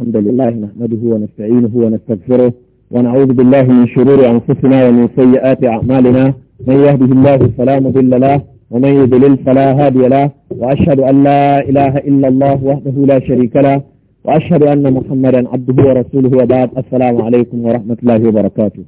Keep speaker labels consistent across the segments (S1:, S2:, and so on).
S1: الحمد لله نحمده ونستعينه ونستغفره ونعوذ بالله من شرور أنفسنا ومن سيئات أعمالنا من يهده الله فلا مضل له ومن يضلل فلا هادي له وأشهد أن لا إله إلا الله وحده لا شريك له وأشهد أن محمدا عبده ورسوله وبعد السلام عليكم ورحمة الله وبركاته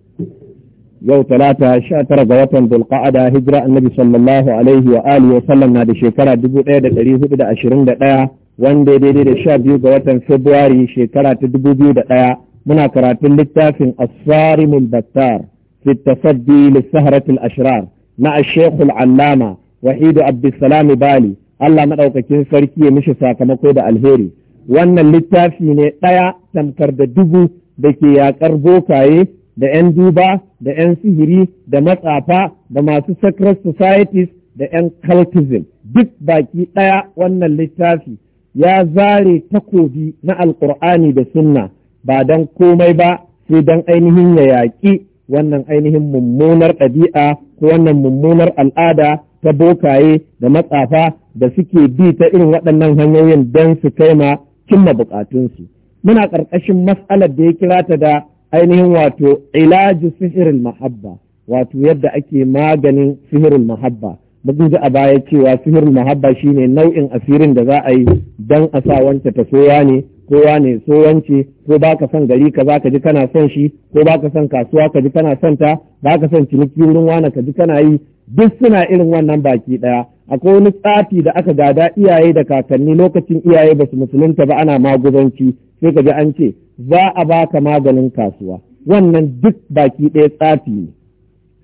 S1: يوم ثلاثة شاتر ذو القعدة هجرة النبي صلى الله عليه وآله وسلم نادي شيكرا دبو ايدة تريه بدا أشرين دقائق wanda ya daidai da sha biyu ga watan Fabrairu shekara ta dubu biyu da ɗaya muna karatun littafin Asfari Mulbattar fi tasaddi lissaharatul ashrar na Ashekul Allama Wahidu Abdulsalami Bali Allah maɗaukakin sarki ya mishi sakamako da alheri wannan littafi ne ɗaya tamkar da dubu da ke yaƙar bokaye da 'yan duba da 'yan sihiri da matsafa da masu sacred societies da 'yan cultism duk baki ɗaya wannan littafi ya zare takobi na alkur'ani da sunna ba don komai ba sai don ainihin ya yaƙi wannan ainihin mummunar ɗabi'a ko wannan mummunar al'ada ta bokaye da matsafa da suke bi ta irin waɗannan hanyoyin don su kai ma cimma buƙatunsu. Muna ƙarƙashin matsalar da ya kira ta da ainihin wato ilaji sihirin mahabba wato yadda ake maganin sihirin mahabba. mun ji a baya cewa sihirin mahabba shine nau'in asirin da za a yi dan a sa wance ta soya ne ko ne so wance ko baka son gari ka ka ji kana son shi ko baka son kasuwa ka ji kana son ta baka son ciniki wurin wane ka ji kana yi duk suna irin wannan baki ɗaya. akwai wani tsafi da aka gada iyaye da kakanni lokacin iyaye ba su musulunta ba ana maguzanci sai ka ji an ce za a baka maganin kasuwa wannan duk baki ɗaya tsafi ne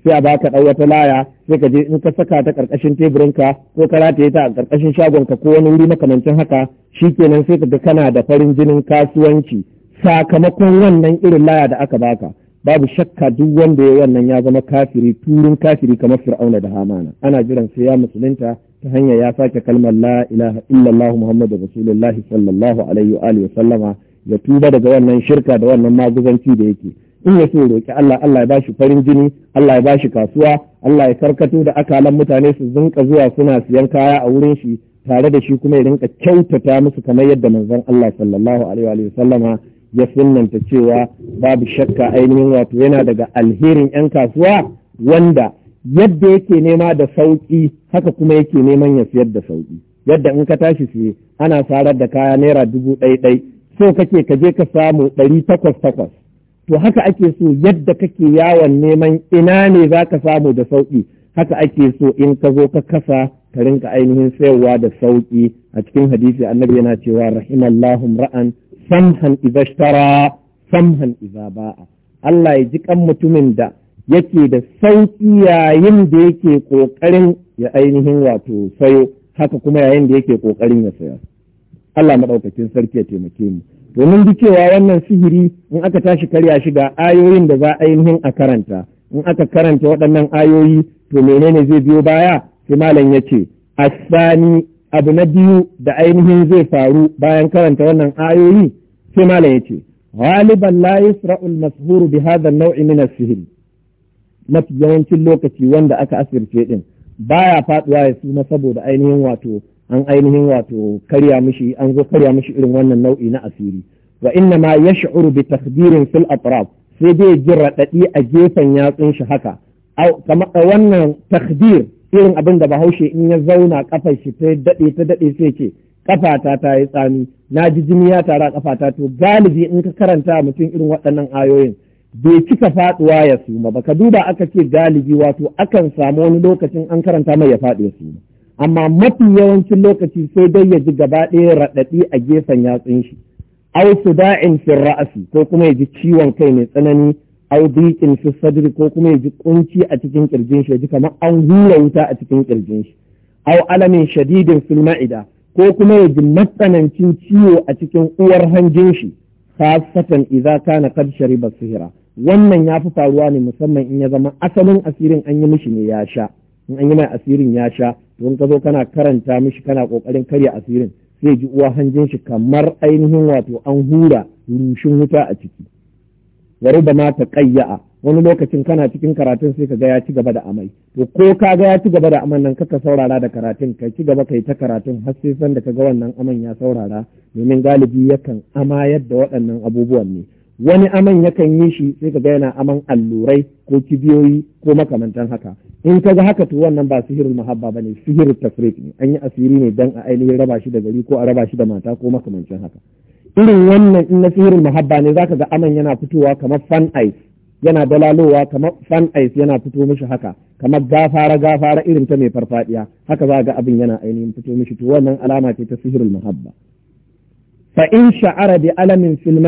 S1: sai a ka ɗau wata laya sai ka je in ka saka ta ƙarƙashin teburinka ko ka rataye ta a ƙarƙashin shagonka ko wani wuri makamancin haka shi kenan sai ka ga kana da farin jinin kasuwanci sakamakon wannan irin laya da aka baka babu shakka duk wanda ya wannan ya zama kafiri turin kafiri kamar fir'auna da hamana ana jiran sai ya musulunta ta hanyar ya sake kalmar la ilaha illallah muhammadu rasulullahi sallallahu alaihi wa sallama ya tuba daga wannan shirka da wannan maguzanci da yake in ya so roƙi Allah Allah ya bashi farin jini Allah ya ba shi kasuwa Allah ya karkato da akalan mutane su zinka zuwa suna siyan kaya a wurin shi tare da shi kuma ya rinka kyautata musu kamar yadda manzon Allah sallallahu alaihi wa sallama ya sunnanta cewa babu shakka ainihin wato yana daga alherin yan kasuwa wanda yadda yake nema da sauki haka kuma yake neman ya siyar da sauki yadda in ka tashi siye ana sarar da kaya naira dubu ɗai ɗai so kake ka je ka samu ɗari takwas takwas to haka ake so yadda kake yawon neman ina ne za ka samu da sauƙi haka ake so in ka zo ka kasa ka rinka ainihin sayarwa da sauƙi a cikin hadisi annabi yana cewa rahimallahu ra'an samhan idza samhan iza ba'a Allah ya ji kan mutumin da yake da sauƙi yayin da yake ƙoƙarin ya ainihin wato sayo haka kuma yayin da yake ƙoƙarin ya saya Allah maɗaukakin sarki ya taimake mu domin duk cewa wannan sihiri in aka tashi karya shi ga ayoyin da za a ainihin a karanta in aka karanta waɗannan ayoyi to menene zai biyo baya sai malam ya ce asani abu na biyu da ainihin zai faru bayan karanta wannan ayoyi sai malam ya ce غالبا لا يسرع المسهور بهذا النوع من sihiri. mafi yawancin lokaci wanda aka asirce din baya faduwa ya suna saboda ainihin wato an ainihin wato karya mishi an zo karya mishi irin wannan nau'i na asiri wa inna ma yash'uru bi takdirin fil atraf sai dai ji raɗaɗi a gefen yatsun shi haka kamar wannan takdir irin abin da bahaushe in ya zauna kafar shi ta daɗe ta daɗe sai ce kafata ta yi tsami na ji jini ya tara kafata to galibi in ka karanta mutum irin waɗannan ayoyin bai cika faduwa ya suma ba ka duba aka ce galibi wato akan samu wani lokacin an karanta mai ya faɗi ya suma amma mafi yawancin lokaci sai dai ya ji gaba ɗaya raɗaɗi a gefen yatsun shi su suda'in fi ra'asi ko kuma ya ji ciwon kai mai tsanani au biqin fi sadri ko kuma ya ji kunci a cikin kirjin shi ya ji kamar an hura wuta a cikin kirjin shi au alamin shadidin fil ma'ida ko kuma ya ji matsanancin ciwo a cikin uwar hanjin shi khasatan idza kana qad shariba sihra wannan ya fi faruwa ne musamman in ya zama asalin asirin an yi mishi ne ya sha in an yi mai asirin ya sha in ka zo kana karanta mishi kana kokarin karya asirin zai ji uwa hanjin shi kamar ainihin wato an hura rushin wuta a ciki wari da ma ta kayya'a wani lokacin kana cikin karatun sai ka gaya ya ci gaba da amai to ko ka gaya ci gaba da aman nan kaka saurara da karatun ka ci gaba kai ta karatun har sai san da ka ga wannan aman ya saurara domin galibi yakan amayar da waɗannan abubuwan ne wani aman yakan yi shi sai ka ga yana aman allurai ko kibiyoyi ko makamantan haka in ka ga haka to wannan ba sihirul mahabba bane sihirul tafriq ne an yi asiri ne dan a ainihin raba shi da gari ko a raba shi da mata ko makamancin haka irin wannan in na sihirul mahabba ne zaka ga aman yana fitowa kamar fan ice yana dalalowa kamar fan ice yana fito mishi haka kamar gafara gafara irin ta mai farfadiya haka za ga abin yana ainihin fito mishi to wannan alama ce ta sihirul mahabba fa in sha'ara bi alamin fil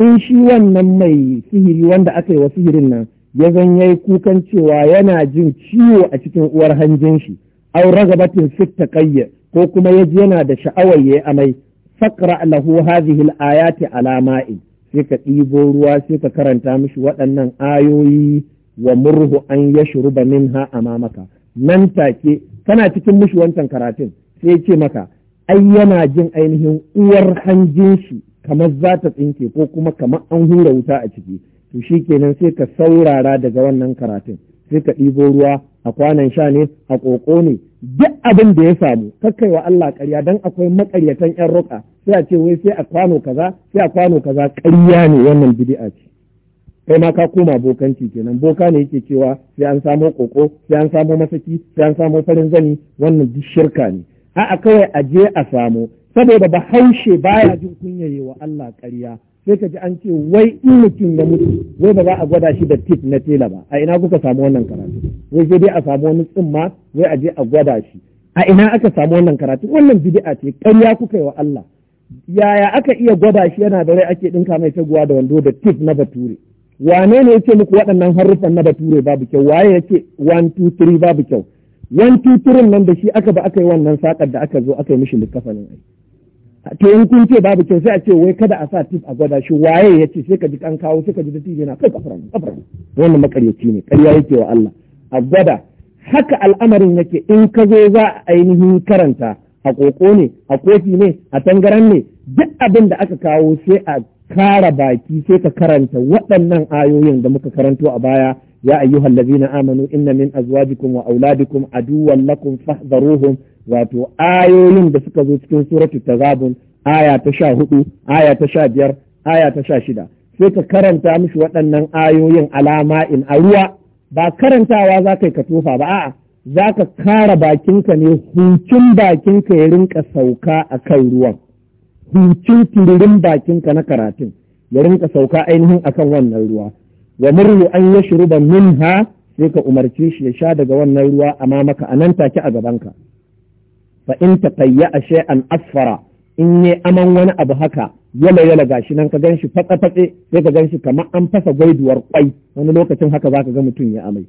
S1: in shi wannan mai sihiri wanda aka yi wa sihirin nan ya zan yayi kukan cewa yana jin ciwo a cikin uwar hanjin shi aw ragabatin sitta taqayya ko kuma yaji yana da sha'awar ya yi amai faqra lahu hadhihi al-ayati sai ka ɗibo ruwa sai ka karanta mishi waɗannan ayoyi wa murhu an yashruba minha amamaka nan take kana cikin mishi wancan karatun sai ce maka ai yana jin ainihin uwar hanjin shi kamar za ta tsinke ko kuma kamar an hura wuta a ciki to shi kenan sai ka saurara daga wannan karatun sai ka ɗibo ruwa a kwanan sha ne a ƙoƙo ne duk abin da ya samu kakai wa Allah ƙarya dan akwai maƙaryatan ƴan roƙa sai a ce wai sai a kwano kaza sai a kwano kaza ƙarya ne wannan bid'a ce kai ma ka koma bokanci kenan boka ne yake cewa sai an samo ƙoƙo sai an samo masaki sai an samo farin zani wannan duk shirka ne a'a kawai a je a samo saboda ba haushe baya jin yi wa Allah ƙarya sai ka ji an ce wai in mutum ya mutu wai ba za a gwada shi da tit na tela ba a ina kuka samu wannan karatu wai sai dai a samu wani tsimma wai a je a gwada shi a ina aka samu wannan karatu wannan bid'a ce ƙarya kuka yi wa Allah yaya aka iya gwada shi yana da rai ake dinka mai taguwa da wando da tit na bature wane ne yace muku waɗannan haruffan na bature babu kyau waye yake 1 2 3 babu kyau yan tuturin nan da shi aka ba aka yi wannan sakar da aka zo aka yi mishi likafanin ai to in kun ce babu kyau sai a ce wai kada a sa tif a gwada shi waye ya ce sai ka ji kan kawo sai ka ji dattijo yana kai kafara kafara wannan makaryaci ne ƙarya yake wa Allah a gwada haka al'amarin yake in ka zo za a ainihin karanta a koko ne a kofi ne a tangaran ne duk abin da aka kawo sai a kara baki sai ka karanta waɗannan ayoyin da muka karanto a baya Ya يا أيها الذين آمنوا إن من أزواجكم وأولادكم عدوا لكم ayoyin da suka zo cikin سورة التغابن آية aya هدو آية تشا بير آية تشا شدا sai ka karanta mishi waɗannan ayoyin alama in a ruwa ba karantawa za ka ka tofa ba a'a za ka kara bakinka ne hucin bakinka ya rinka sauka a kan ruwan hucin tururin bakinka na karatun ya rinka sauka ainihin akan wannan ruwa wa murhu an yashruba minha sai ka umarci shi ya sha daga wannan ruwa amma maka nan take a gabanka fa in ta ashe shay'an asfara in ne aman wani abu haka yala yala gashi nan ka ganshi fatsa fatse sai ka ganshi kamar an fasa gwaiduwar kwai wani lokacin haka zaka ga mutum ya amai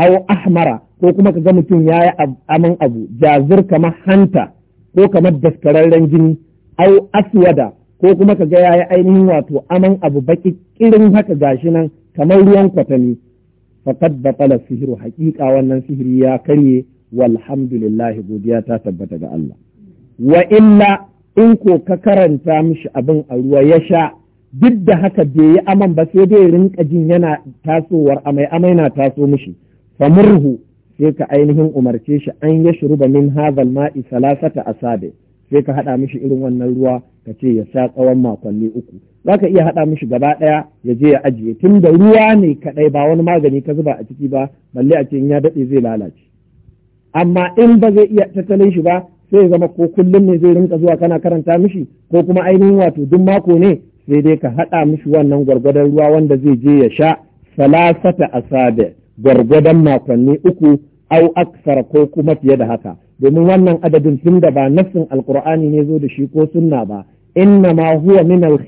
S1: aw ahmara ko kuma ka ga mutum ya yi aman abu jazir kamar hanta ko kamar daskararren jini Au aswada ko kuma ka ga ya yi ainihin wato aman abu baki kirin haka gashi nan kamar ruwan kwatami faqad batala sihiru haƙiƙa wannan sihiri ya karye walhamdulillah godiya ta tabbata ga Allah wa illa in ko ka karanta mishi abin a ruwa ya sha duk da haka bai yi aman ba sai dai rinka jin yana tasowar amai amai na taso mishi famurhu sai ka ainihin umarce shi an ya shuruba min hadhal ma'i salasata asabe sai ka haɗa mishi irin wannan ruwa ka ce ya sha tsawon makonni uku za ka iya haɗa mishi gaba ɗaya ya je ya ajiye tun da ruwa ne kaɗai ba wani magani ka zuba a ciki ba balle a cikin ya daɗe zai lalace amma in ba zai iya tattalin shi ba sai ya zama ko kullum ne zai rinka zuwa kana karanta mishi ko kuma ainihin wato duk mako ne sai dai ka haɗa mishi wannan gwargwadon ruwa wanda zai je ya sha salasata asabe gwargwadon makonni uku au aksara ko kuma fiye da haka domin wannan adadin tun da ba nassin alkur'ani ne zo da shi ko sunna ba inna ma huwa min al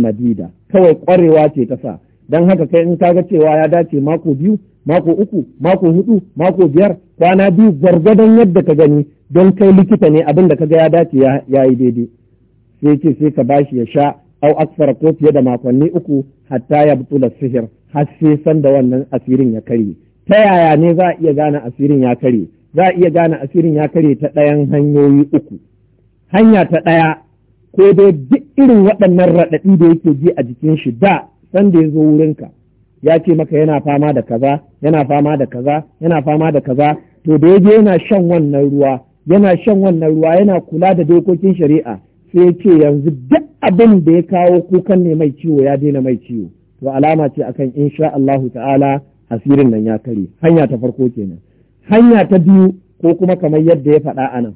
S1: madida kawai kwarewa ce ta sa dan haka kai in ka ga cewa ya dace mako biyu mako uku mako hudu mako biyar kwana biyu gwargwadon yadda ka gani don kai likita ne abin da kaga ya dace ya yi daidai sai ce sai ka bashi ya sha au aksara ko fiye da makonni uku hatta ya butula sihir har sai sanda wannan asirin ya karye ta yaya ne za a iya gane asirin ya karye za a iya gane asirin ya kare ta ɗayan hanyoyi uku hanya ta ɗaya ko dai duk irin waɗannan raɗaɗi da yake ji a jikin shi da sanda ya zo wurinka ya ce maka yana fama da kaza yana fama da kaza yana fama da kaza to da yaje yana shan wannan ruwa yana shan wannan ruwa yana kula da dokokin shari'a sai ce yanzu duk abin da ya kawo kukan ne mai ciwo ya daina mai ciwo to alama ce akan insha Allahu ta'ala asirin nan ya kare hanya ta farko kenan hanya ta biyu ko kuma kamar yadda ya faɗa a nan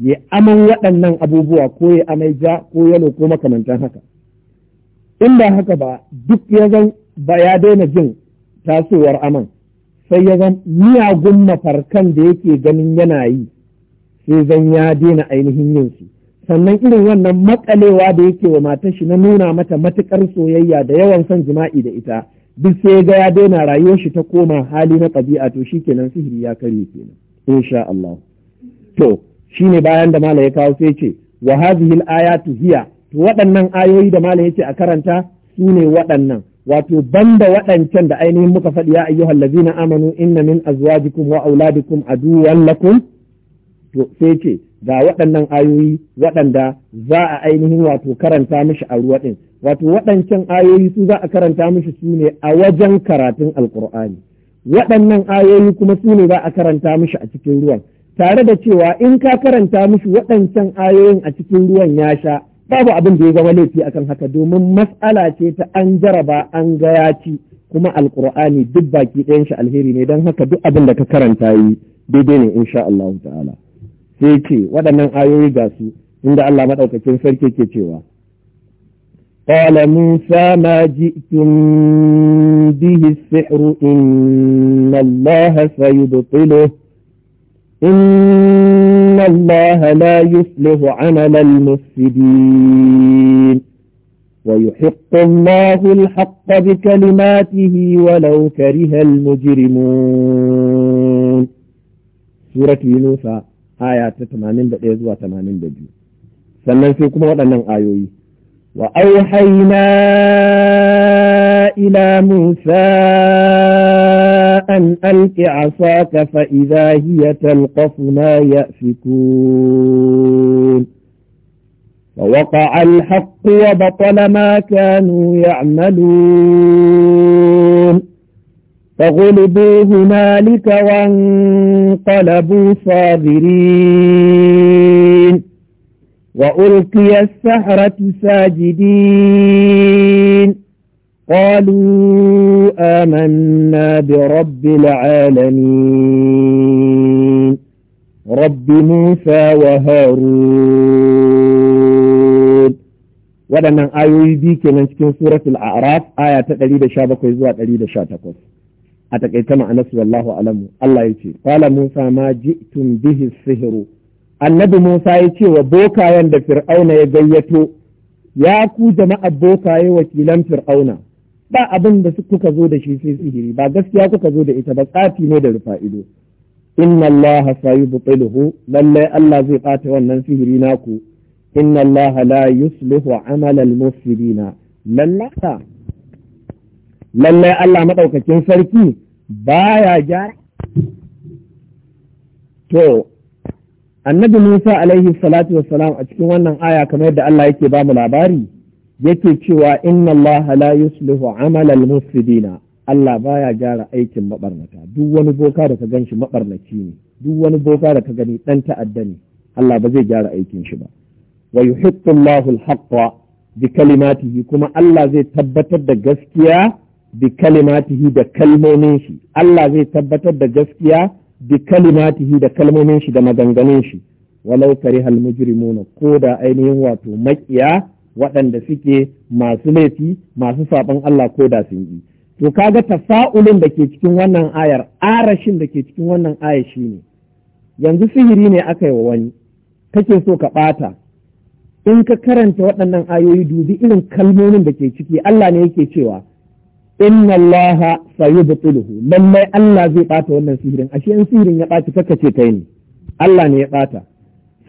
S1: ya aman waɗannan abubuwa ko ya amai ja ko yalo ko makamantan haka in ba haka ba duk ya zan ba ya daina jin tasowar aman sai ya zan miyagun mafarkan da yake ganin yana yi sai zan ya daina ainihin yin su sannan irin wannan makalewa da yake wa matar shi na nuna mata matukar soyayya da yawan son jima'i da ita duk sai ga ya daina rayuwar shi ta koma hali na ƙabi'a to shi kenan sihiri ya karye kenan insha Allah to shine bayan da mala ya kawo sai ce wa hadhihi al-ayatu hiya to waɗannan ayoyi da malai yace a karanta sune waɗannan wato banda waɗancan da ainihin muka faɗi ya ayyuhal ladzina amanu inna min azwajikum wa auladikum aduwwan lakum to sai ce ga waɗannan ayoyi waɗanda za a ainihin wato karanta mishi a ruwa ɗin wato waɗancan ayoyi su za a karanta mishi su ne a wajen karatun alkur'ani waɗannan ayoyi kuma su ne za a karanta mishi a cikin ruwan tare da cewa in ka karanta mishi waɗancan ayoyin a cikin ruwan ya sha babu abin da ya zama laifi akan haka domin matsala ce ta an jaraba an ga ya ci kuma alkur'ani duk baki ɗayan shi alheri ne don haka duk abin da ka karanta yi daidai ne insha Allah ta'ala sai ce waɗannan ayoyi ga su inda Allah maɗaukacin sarki ke cewa. Ƙala Musa ma ji tun bihi sai'uru in Allah sayu da tsilo, in Allah la yi tsilo a nanar musulmi, wa yi hukun mahul haƙƙa bi kalimatihi wa laukari halmujirimu. Surat Yunusa aya ta 81 zuwa 82 sannan sai kuma waɗannan ayoyi wa auhaina ila musa an alki asaka fa idza hiya talqafu ma yafikun فوقع الحق وبطل ما كانوا يعملون فغلبوا هنالك وانقلبوا صابرين وألقي السحرة ساجدين قالوا آمنا برب العالمين رب موسى وهارون ودنا آيوي بيكي من سورة الأعراف آية تقليد شابك ويزوات قليد شاتكوس a takaice ma'anarsu wallahu alamu Allah ya ce qala Musa ma ji'tum bihi sihiru annabi Musa ya ce wa bokayen da fir'auna ya gayyato ya ku jama'a bokaye wakilan fir'auna ba abin da kuka zo da shi sai sihiri ba gaskiya kuka zo da ita ba tsafi ne da rufa ido inna allaha sayubtiluhu lalle Allah zai ɓata wannan sihiri naku inna allaha la yuslihu Amalal al-mufsidina lallai Allah maɗaukakin sarki ya gyara to annabi Musa alaihi salatu salam a cikin wannan aya kamar yadda Allah yake ba mu labari yake cewa inna Allah la yuslihu amalal mufsidina Allah baya gyara aikin maɓarnata. duk wani boka da ka ganshi mabarnaci ne duk wani boka da ka gani dan ta'adda ne Allah ba zai gyara aikin shi ba wa yuhiqqu Allahu al-haqqa bi kalimatihi kuma Allah zai tabbatar da gaskiya bi kalimatihi da kalmomin shi Allah zai tabbatar da gaskiya bi kalimatihi da kalmomin shi da maganganun shi walau karihal mujrimuna ko da ainihin wato makiya waɗanda suke masu laifi masu saɓon Allah ko da sun yi to kaga tafa'ulin da ke cikin wannan ayar arashin da ke cikin wannan ayar shine yanzu sihiri ne aka yi wa wani kake so ka ɓata in ka karanta waɗannan ayoyi dubi irin kalmomin da ke ciki Allah ne yake cewa inna Allah sayubtiluhu lallai Allah zai ɓata wannan sihirin ashe in sihirin ya ɓaci kaka ce kai ne Allah ne ya ɓata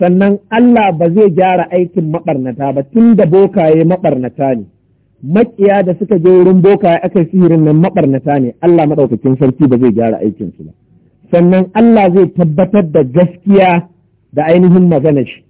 S1: sannan Allah ba zai gyara aikin maɓarnata ba tun da bokaye maɓarnata ne maƙiya da suka je wurin bokaye aka sihirin nan maɓarnata ne Allah maɗaukakin sarki ba zai gyara aikin su ba sannan Allah zai tabbatar da gaskiya da ainihin magana shi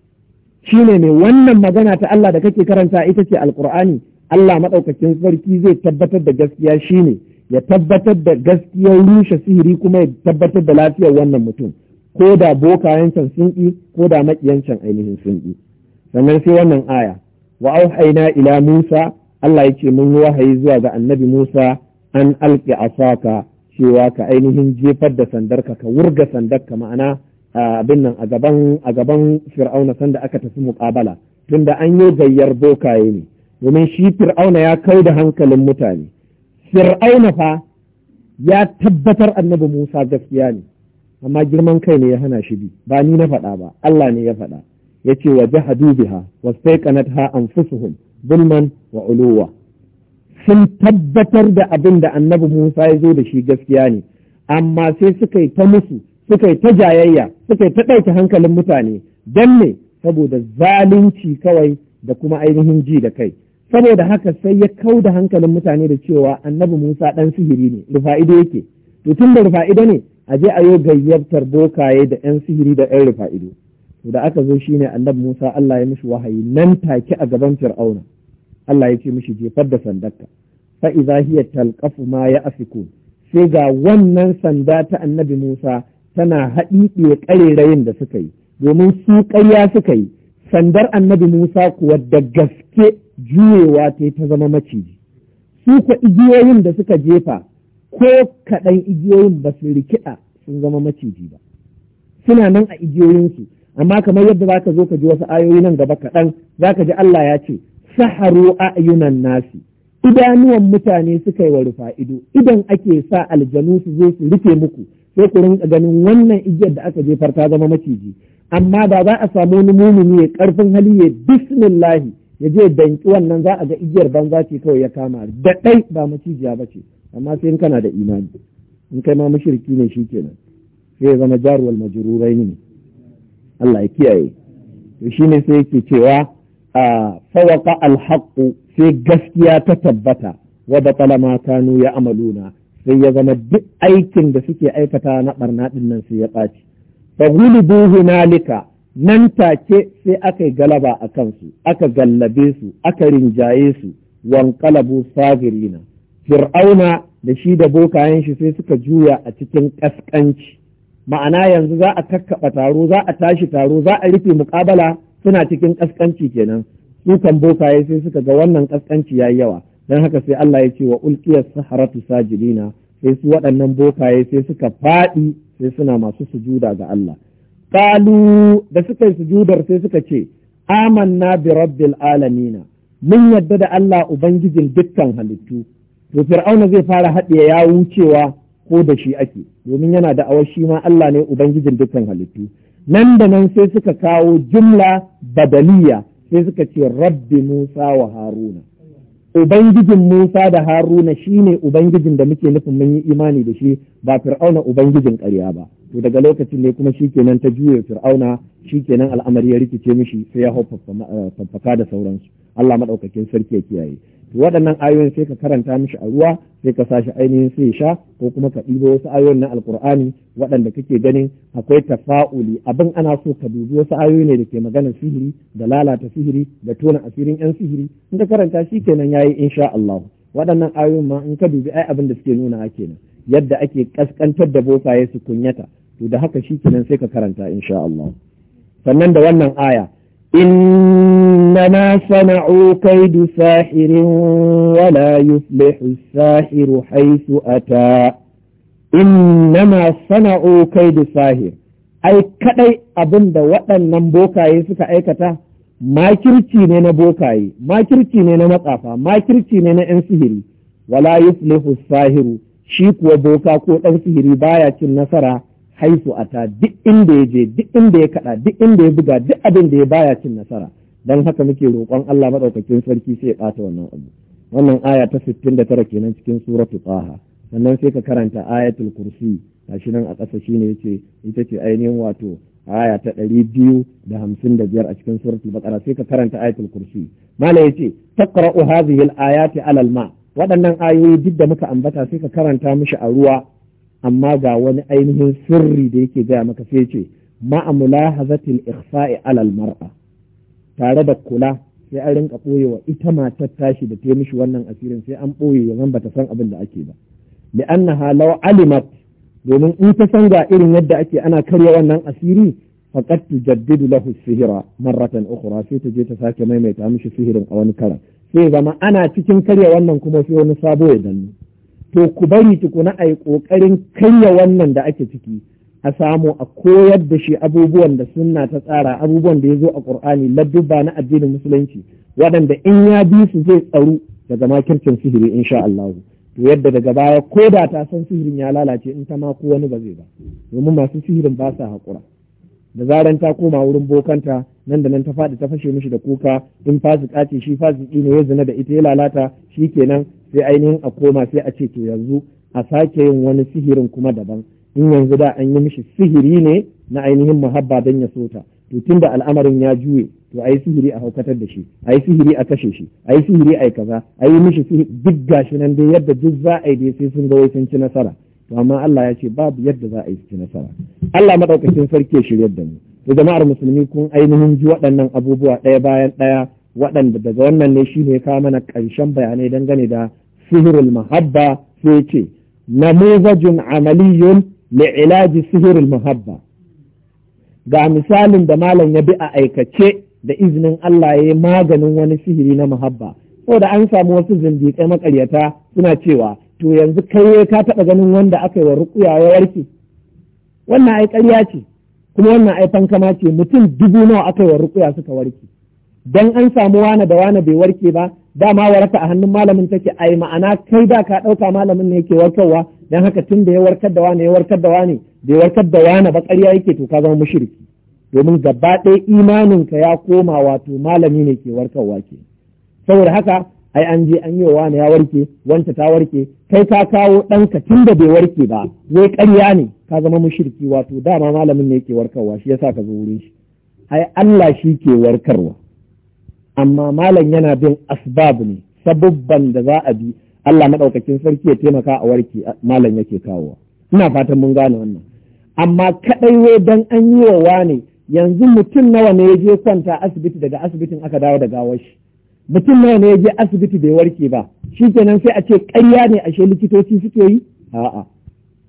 S1: shine mai wannan magana ta Allah da kake karanta ita ce alƙur'ani Allah maɗaukacin sarki zai tabbatar da gaskiya shi ne ya tabbatar da gaskiyar rushe sihiri kuma ya tabbatar da lafiyar wannan mutum ko da bokayen sun ƙi ko da maƙiyancan ainihin sun ƙi sannan sai wannan aya wa auhaina ila Musa Allah yake mun yi wahayi zuwa ga annabi Musa an alƙi asaka cewa ka ainihin jefar da sandarka ka wurga sandarka ma'ana abin nan a gaban fir'auna sanda aka tafi muƙabala tunda an yi gayyar bokaye ne domin shi fir'auna ya kau da hankalin mutane fir'auna fa ya tabbatar annabi musa gaskiya ne amma girman kai ne ya hana shi bi ba ni na faɗa ba allah ne ya faɗa ya ce wa jahadu biha wa an anfusuhum zulman wa uluwa sun tabbatar da abin da annabi musa ya zo da shi gaskiya ne amma sai suka yi ta musu suka yi ta jayayya suka yi ta ɗauke hankalin mutane don me saboda zalunci kawai da kuma ainihin ji da kai saboda haka sai ya kau da hankalin mutane da cewa annabi Musa ɗan sihiri ne rufa'ido yake to tun da rufa'ido ne a je a yi gayyabtar bokaye da yan sihiri da yan rufa'ido to da aka zo shine annabi Musa Allah ya mishi wahayi nan take a gaban Fir'auna Allah ya ce mishi jefar da sandarka fa idza hiya talqafu ma ya'fikun sai ga wannan sanda ta annabi Musa tana haɗi ƙarerayin da suka yi domin su ƙarya suka yi sandar annabi Musa kuwa da gaske juyewa ta ta zama maciji su ka igiyoyin da suka jefa ko kaɗan igiyoyin ba su rikida sun zama maciji ba suna nan a igiyoyinsu amma kamar yadda za ka zo ka ji wasu ayoyi nan gaba kaɗan za ka ji Allah ya ce saharu ayunan nasi idanuwan mutane suka yi wa rufa ido idan ake sa aljanu su zo su rufe muku sai ku rinka ganin wannan igiyar da aka jefar ta zama maciji amma ba za a samu wani mumini ya karfin hali ya bismillahi ya je danki wannan za a ga igiyar banza ce kawai ya kama da ba macijiya ba ce amma sai in kana da imani in kai ma mushriki ne shikenan sai ya zama jarwal majrurai ne Allah ya kiyaye to shine sai yake cewa a fawaqa sai gaskiya ta tabbata wa batala ma kanu amaluna, sai ya zama duk aikin da suke aikata na barna din nan sai ya ɓaci fa na lika nan take sai aka yi galaba a kansu aka gallabe su aka rinjaye su wankalabu sagirina fir'auna da shi da bokayen shi sai suka juya a cikin ƙasƙanci, ma'ana yanzu za a kakkaɓa taro za a tashi taro za a rufe muƙabala suna cikin ƙasƙanci kenan su bokaye sai suka ga wannan ƙasƙanci yayi yawa dan haka sai Allah ya ce wa ulqiya saharatu sajidina sai su waɗannan bokaye sai suka faɗi sai suna masu sujuda ga Allah Kalu da suka yi sujudar sai suka ce amanna bi rabbil alamina mun yadda da Allah ubangijin dukkan halittu to fir'auna zai fara haɗiye ya wucewa ko da shi ake domin yana da awar shi ma Allah ne ubangijin dukkan halittu nan da nan sai suka kawo jumla badaliya sai suka ce rabbi Musa wa Haruna ubangijin Musa da Haruna shi ne ubangijin da muke nufin mun yi imani da shi ba fir'auna ubangijin ƙarya ba to daga lokacin ne kuma shi kenan ta juye fir'auna shi kenan al'amari ya rikice mishi sai ya hau eh, faffaka da sauransu Allah maɗaukakin sarki ya kiyaye waɗannan ayoyin sai ka karanta mishi a ruwa sai ka sashi ainihin sai sha ko kuma ka ɗibo wasu ayoyin na alkur'ani waɗanda kake ganin akwai tafa'uli abin ana so ka dubi wasu ayoyi ne da ke magana sihiri da lalata sihiri da tona asirin yan sihiri in ka karanta shi kenan yayi insha Allah waɗannan ayoyin ma in ka dubi ai abin da suke nuna kenan yadda ake kaskantar da bokaye su kunyata to da haka shi kenan sai ka karanta insha Allah sannan da wannan aya إنما صنعوا كيد ساحر ولا يفلح الساحر حيث أتى إنما صنعوا كيد ساحر ai kadai abin da waɗannan bokaye suka aikata makirci ne na bokaye makirci ne na matsafa makirci ne na 'yan sihiri wala yuflihu sahiru shi kuwa boka ko ɗan sihiri baya cin nasara haifu ata duk inda ya je duk inda ya kaɗa duk inda ya buga duk abin da ya baya cin nasara don haka muke roƙon Allah madaukakin sarki sai ya ɓata wannan abu wannan aya ta sittin da tara kenan cikin suratu taha sannan sai ka karanta ayatul kursi gashi nan a ƙasa shine yace ita ce ainihin wato aya ta ɗari biyu da hamsin da biyar a cikin suratul baqara sai ka karanta ayatul kursi mala yace taqra'u hadhihi al-ayati 'ala al-ma waɗannan ayoyi duk da muka ambata sai ka karanta mishi a ruwa amma ga wani ainihin sirri da yake gaya maka sai ce ma'a mulahazatil ihsa'i alal mar'a tare da kula sai an rinka ɓoyewa ita matar tashi da ta yi mishi wannan asirin sai an ɓoye ya zan bata san abin da ake ba li'annaha law alimat domin in ta san ga irin yadda ake ana karya wannan asiri faqad tujaddidu lahu sihira marratan ukhra sai ta je ta sake maimaita mishi sihirin a wani karan sai zama ana cikin karya wannan kuma sai wani sabo ya danne to ku bari tukuna a yi ƙoƙarin karya wannan da ake ciki a samu a koyar da shi abubuwan da sunna ta tsara abubuwan da ya zo a ƙur'ani ladduba na addinin musulunci waɗanda in ya bi su zai tsaru daga makircin sihiri sha Allah to yadda daga baya ko da ta san sihirin ya lalace in ta ma ko wani ba zai ba domin masu sihirin ba sa haƙura da zaran ta koma wurin bokanta nan da nan ta faɗi ta fashe mishi da kuka in fasika ce shi fasiki ne ya zina da ita ya lalata shi kenan sai ainihin a koma sai a ce to yanzu a sake yin wani sihirin kuma daban in yanzu da an yi mishi sihiri ne na ainihin muhabba don ya sota to tun da al'amarin ya juye to yi sihiri a haukatar da shi yi sihiri a kashe shi yi sihiri a yi kaza a yi mishi sihiri duk gashi nan dai yadda duk za a yi dai sai sun ga wai sun ci nasara to amma Allah ya ce babu yadda za a yi su nasara Allah madaukakin sarki ya shirya da mu to jama'ar musulmi kun ainihin ji waɗannan abubuwa ɗaya bayan ɗaya waɗanda daga wannan ne shi ne kawo mana ƙarshen bayanai dangane da sihirul mahabba sai ce namuzajun amaliyun li ilaji sihirul mahabba ga misalin da malam ya bi a aikace da izinin Allah ya yi maganin wani sihiri na mahabba saboda an samu wasu zindiƙai maƙaryata suna cewa to yanzu kai ka taɓa ganin wanda aka yi wa rukuya ya warke wannan ai ƙarya ce kuma wannan ai fankama ce mutum dubu nawa aka yi wa rukuya suka warke dan an samu wane da wane bai warke ba dama waraka a hannun malamin take ai ma'ana kai da ka ɗauka malamin ne yake warkarwa dan haka tun da ya warkar da wane ya warkar da wane bai warkar da wane ba ƙarya yake to ka zama mushriki domin gaba ɗaya imaninka ya koma wato malami ne ke warkarwa ke saboda haka ai an je an yi wa ya warke wanta ta warke kai ka kawo ɗanka tun da bai warke ba wai ƙarya ne ka zama mushriki wato dama malamin ne yake warkarwa shi yasa ka zo wurin shi ai Allah shi ke warkarwa amma malam yana bin asbab ne sabubban da za a bi Allah maɗaukacin sarki ya taimaka a warke malam yake kawowa ina fatan mun gane wannan amma kaɗai wai dan an yi wa ne yanzu mutum nawa ne ya je kwanta asibiti daga asibitin aka dawo da gawar shi mutum nawa ne ya je asibiti bai warke ba shi kenan sai a ce ƙarya ne ashe likitoci suke yi a'a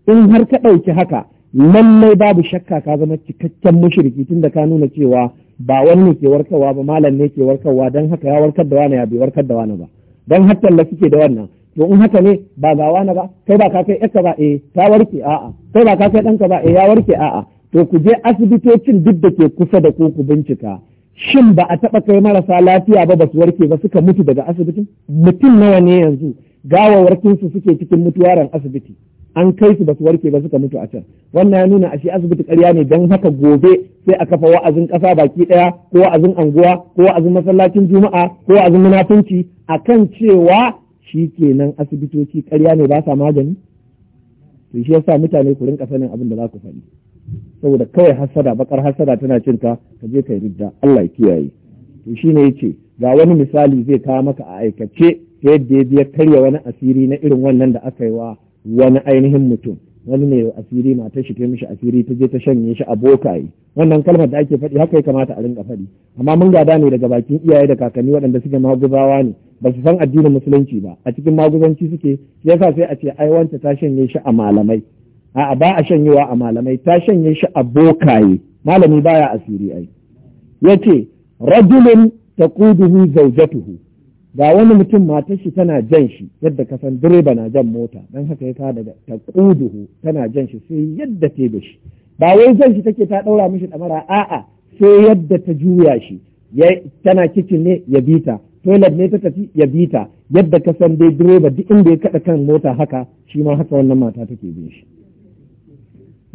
S1: in har ka ɗauki haka lallai babu shakka ka zama cikakken mushriki tun da ka nuna cewa ba wani ke warkarwa ba malam ne ke warkarwa don haka ya warkar da wani ya bai warkar da wani ba don har talla suke da wannan to in haka ne ba ga wani ba kai ba ka kai yarka ba eh ta warke a'a kai ba ka kai ɗanka ba eh ya warke a'a to ku je asibitocin duk da ke kusa da ku ku bincika shin ba a taɓa kai marasa lafiya ba ba su warke ba suka mutu daga asibitin mutum nawa ne yanzu gawawarkinsu suke cikin mutuwaran asibiti an kai su ba su warke ba suka mutu a can wannan ya nuna ashe asibiti ƙarya ne don haka gobe sai a kafa wa'azin ƙasa baki ɗaya ko wa'azin anguwa ko wa'azin masallacin juma'a ko wa'azin munafunci kan cewa shi nan asibitoci ƙarya ne ba sa magani to shi yasa mutane ku rinka sanin abin da za ku faɗi saboda kawai hasada bakar hasada tana cin ka ka je kai ridda Allah ya kiyaye to shine yace ga wani misali zai kawo maka a aikace ta yadda ya biya karya wani asiri na irin wannan da aka yi wa wani ainihin mutum wani ne asiri matar shi ta mishi asiri ta je ta shanye shi a yi wannan kalmar da ake faɗi haka ya kamata a rinka faɗi amma mun gada ne daga bakin iyaye da kakanni waɗanda suke maguzawa ne ba su san addinin musulunci ba a cikin maguzanci suke yasa sai a ce ai wanta ta shanye shi a malamai a'a ba a shanyewa a malamai ta shanye shi a bokaye malami baya asiri ai yace rajulun taquduhu zawjatuhu ga wani mutum matar shi tana jan shi yadda ka san direba na jan mota dan haka ya ta daga taquduhu tana jan shi sai yadda ta da shi ba wai jan shi take ta daura mishi damara a'a sai yadda ta juya shi tana kicin ne ya bita toilet ne ta tafi ya bita yadda ka san dai direba duk inda ya kada kan mota haka shi ma haka wannan mata take bin shi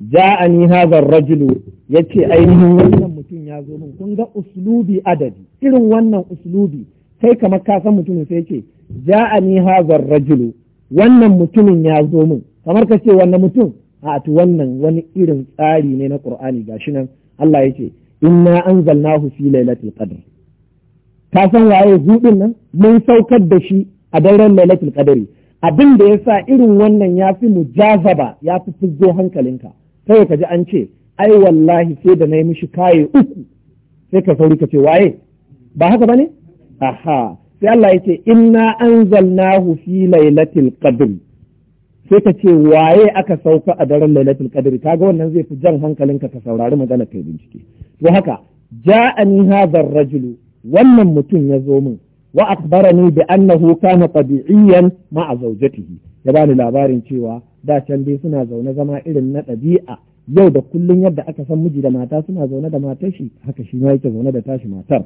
S1: ja'ani hazar rajulu yace ainihin wannan mutum ya zo min kun ga uslubi adadi irin wannan uslubi kai kamar ka san mutumin sai yace ja'ani hadha rajulu wannan mutumin ya zo min kamar ka ce wannan mutum a to wannan wani irin tsari ne na Qur'ani gashi nan Allah yace inna anzalnahu fi lailatul qadr ka san waye zubin nan mun saukar da shi a daren lailatul qadri abin da yasa irin wannan ya fi mujazaba ya fi fizzo hankalinka sai ka ji an ce ai wallahi sai da na yi mishi kaye uku sai ka sauri ka ce waye ba haka ne? aha sai Allah ya ce inna anzalnahu fi lailatul qadr sai ka ce waye aka sauka a daren lailatul qadr kaga wannan zai fi jan hankalinka ka saurari magana kai bincike to haka ja'ani hadha rajulu wannan mutum ya zo min wa akhbarani bi annahu kana tabi'iyan ma'a zawjatihi ya bani labarin cewa da can dai suna zaune zama irin na ɗabi'a yau da kullum yadda aka san miji da mata suna zaune da matar shi haka shi ma yake zaune da tashi matar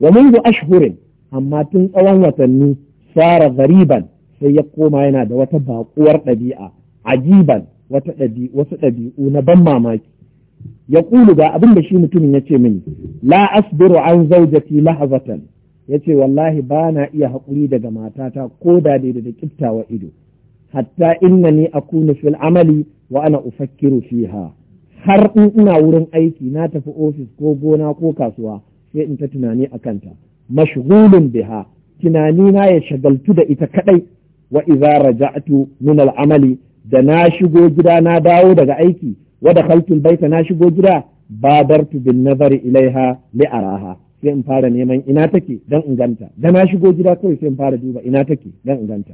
S1: wa mundu ashhurin amma tun tsawon watanni sara gariban sai ya koma yana da wata baƙuwar ɗabi'a ajiban wata wasu ɗabi'u na ban mamaki ya kulu ga abin da shi mutumin ya ce mini la asbiru an zaujati lahazatan ya ce wallahi ba na iya haƙuri daga matata ko da da da kiftawa ido hatta a akunu fil amali wa ana ufakkiru fiha har in ina wurin aiki na tafi ofis ko gona ko kasuwa sai in ta tunani a kanta mashghulun biha tunani na ya shagaltu da ita kadai wa idza raja'tu min al amali da na shigo gida na dawo daga aiki wa dakhaltu al baita na shigo gida badartu bin nazari ilaiha li araha sai in fara neman ina take dan in ganta da na shigo gida kawai sai in fara duba ina take dan in ganta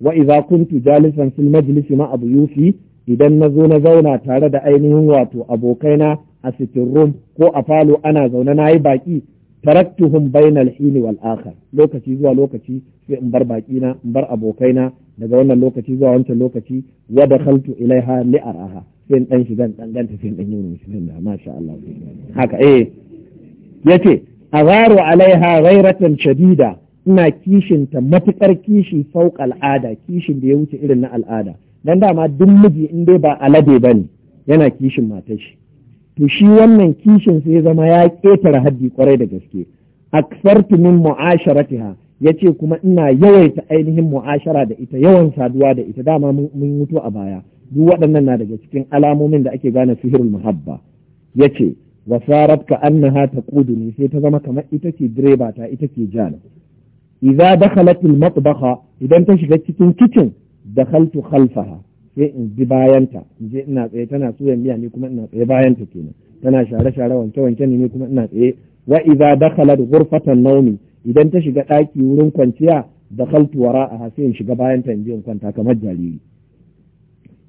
S1: wa idza kuntu jalisan fil majlisi ma abu yufi idan na zo na zauna tare da ainihin wato abokaina a sitin room ko a falo ana zaune na yi baki taraktuhum bainal hini wal akhar lokaci zuwa lokaci sai in bar baki na in bar abokaina daga wannan lokaci zuwa wancan lokaci wa dakhaltu ilaiha li araha sai in dan shigan dan ganta sai in dan yi musulmin da masha Allah haka eh yace agharu alaiha ghairatan shadida ina kishin ta, matuƙar kishi sauk al'ada kishin da ya wuce irin na al'ada Don dama duk miji in dai ba alade ba ne yana kishin matar shi to shi wannan kishin sai zama ya ƙetare haddi kwarai da gaske aksartu min mu'asharatiha yace kuma ina yawaita ainihin mu'ashara da ita yawan saduwa da ita dama mun mutu a baya duk waɗannan na daga cikin alamomin da ake gane sihirul muhabba yace wasarat ka annaha taquduni sai ta zama kamar ita ce direba ta ita ce jana idza dakhalat al matbakha idan ta shiga cikin kitchen dakhaltu khalfaha sai in bi bayanta in je ina tsaye tana suyan miya ni kuma ina tsaye bayanta kenan tana share share wanke wanke ne kuma ina tsaye wa idza dakhalat ghurfatan nawmi idan ta shiga ɗaki wurin kwanciya dakhaltu wara'aha sai in shiga bayanta in je in kwanta kamar jariri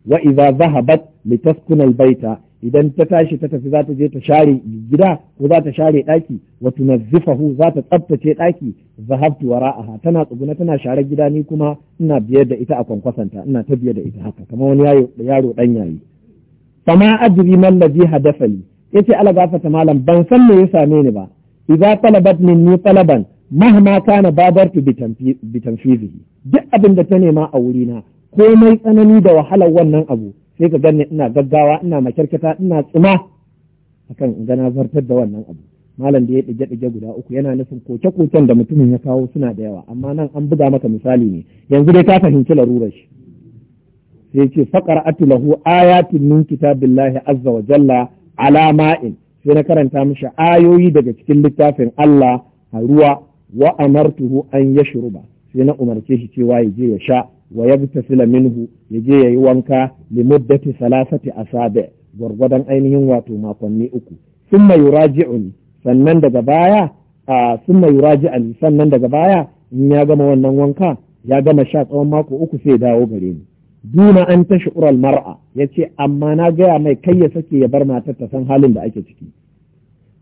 S1: wa idza dhahabat litaskuna baita idan ta tashi ta tafi za ta je ta share gida ko za ta share ɗaki wato nazifahu za ta tsaftace ɗaki zahabtu wara'aha tana tsuguna tana share gida ni kuma ina biyar da ita a kwankwasanta ina ta biyar da ita haka kamar wani yaro ɗan yayi fama adri man ladhi hadafali yace ala gafata malam ban san me ya same ni ba idza talabat minni talaban mahma kana babartu bitanfizihi duk abin da ta nema a wurina komai tsanani da wahalar wannan abu sai ka ganni ina gaggawa ina makyarkata ina tsuma. akan in gana zartar da wannan abu malam da ya ɗige ɗige guda uku yana nufin koke koken da mutumin ya kawo suna da yawa amma nan an buga maka misali ne yanzu dai ka fahimci larurar shi sai ce faqara'atu lahu ayatin min kitabillahi azza wa jalla ala ma'in sai na karanta mishi ayoyi daga cikin littafin Allah a ruwa wa amartuhu an yashruba sai na umarce shi cewa ya je ya sha wa yabtasila minhu yaje yayi wanka li muddati salasati asabi gwargwadon ainihin wato makonni uku summa yuraji'un sannan daga baya a summa yuraji'an sannan daga baya in ya gama wannan wanka ya gama sha tsawon mako uku sai dawo gare ni duna an ta shi'ural mar'a ya ce amma na gaya mai kai ya sake ya bar matar ta san halin da ake ciki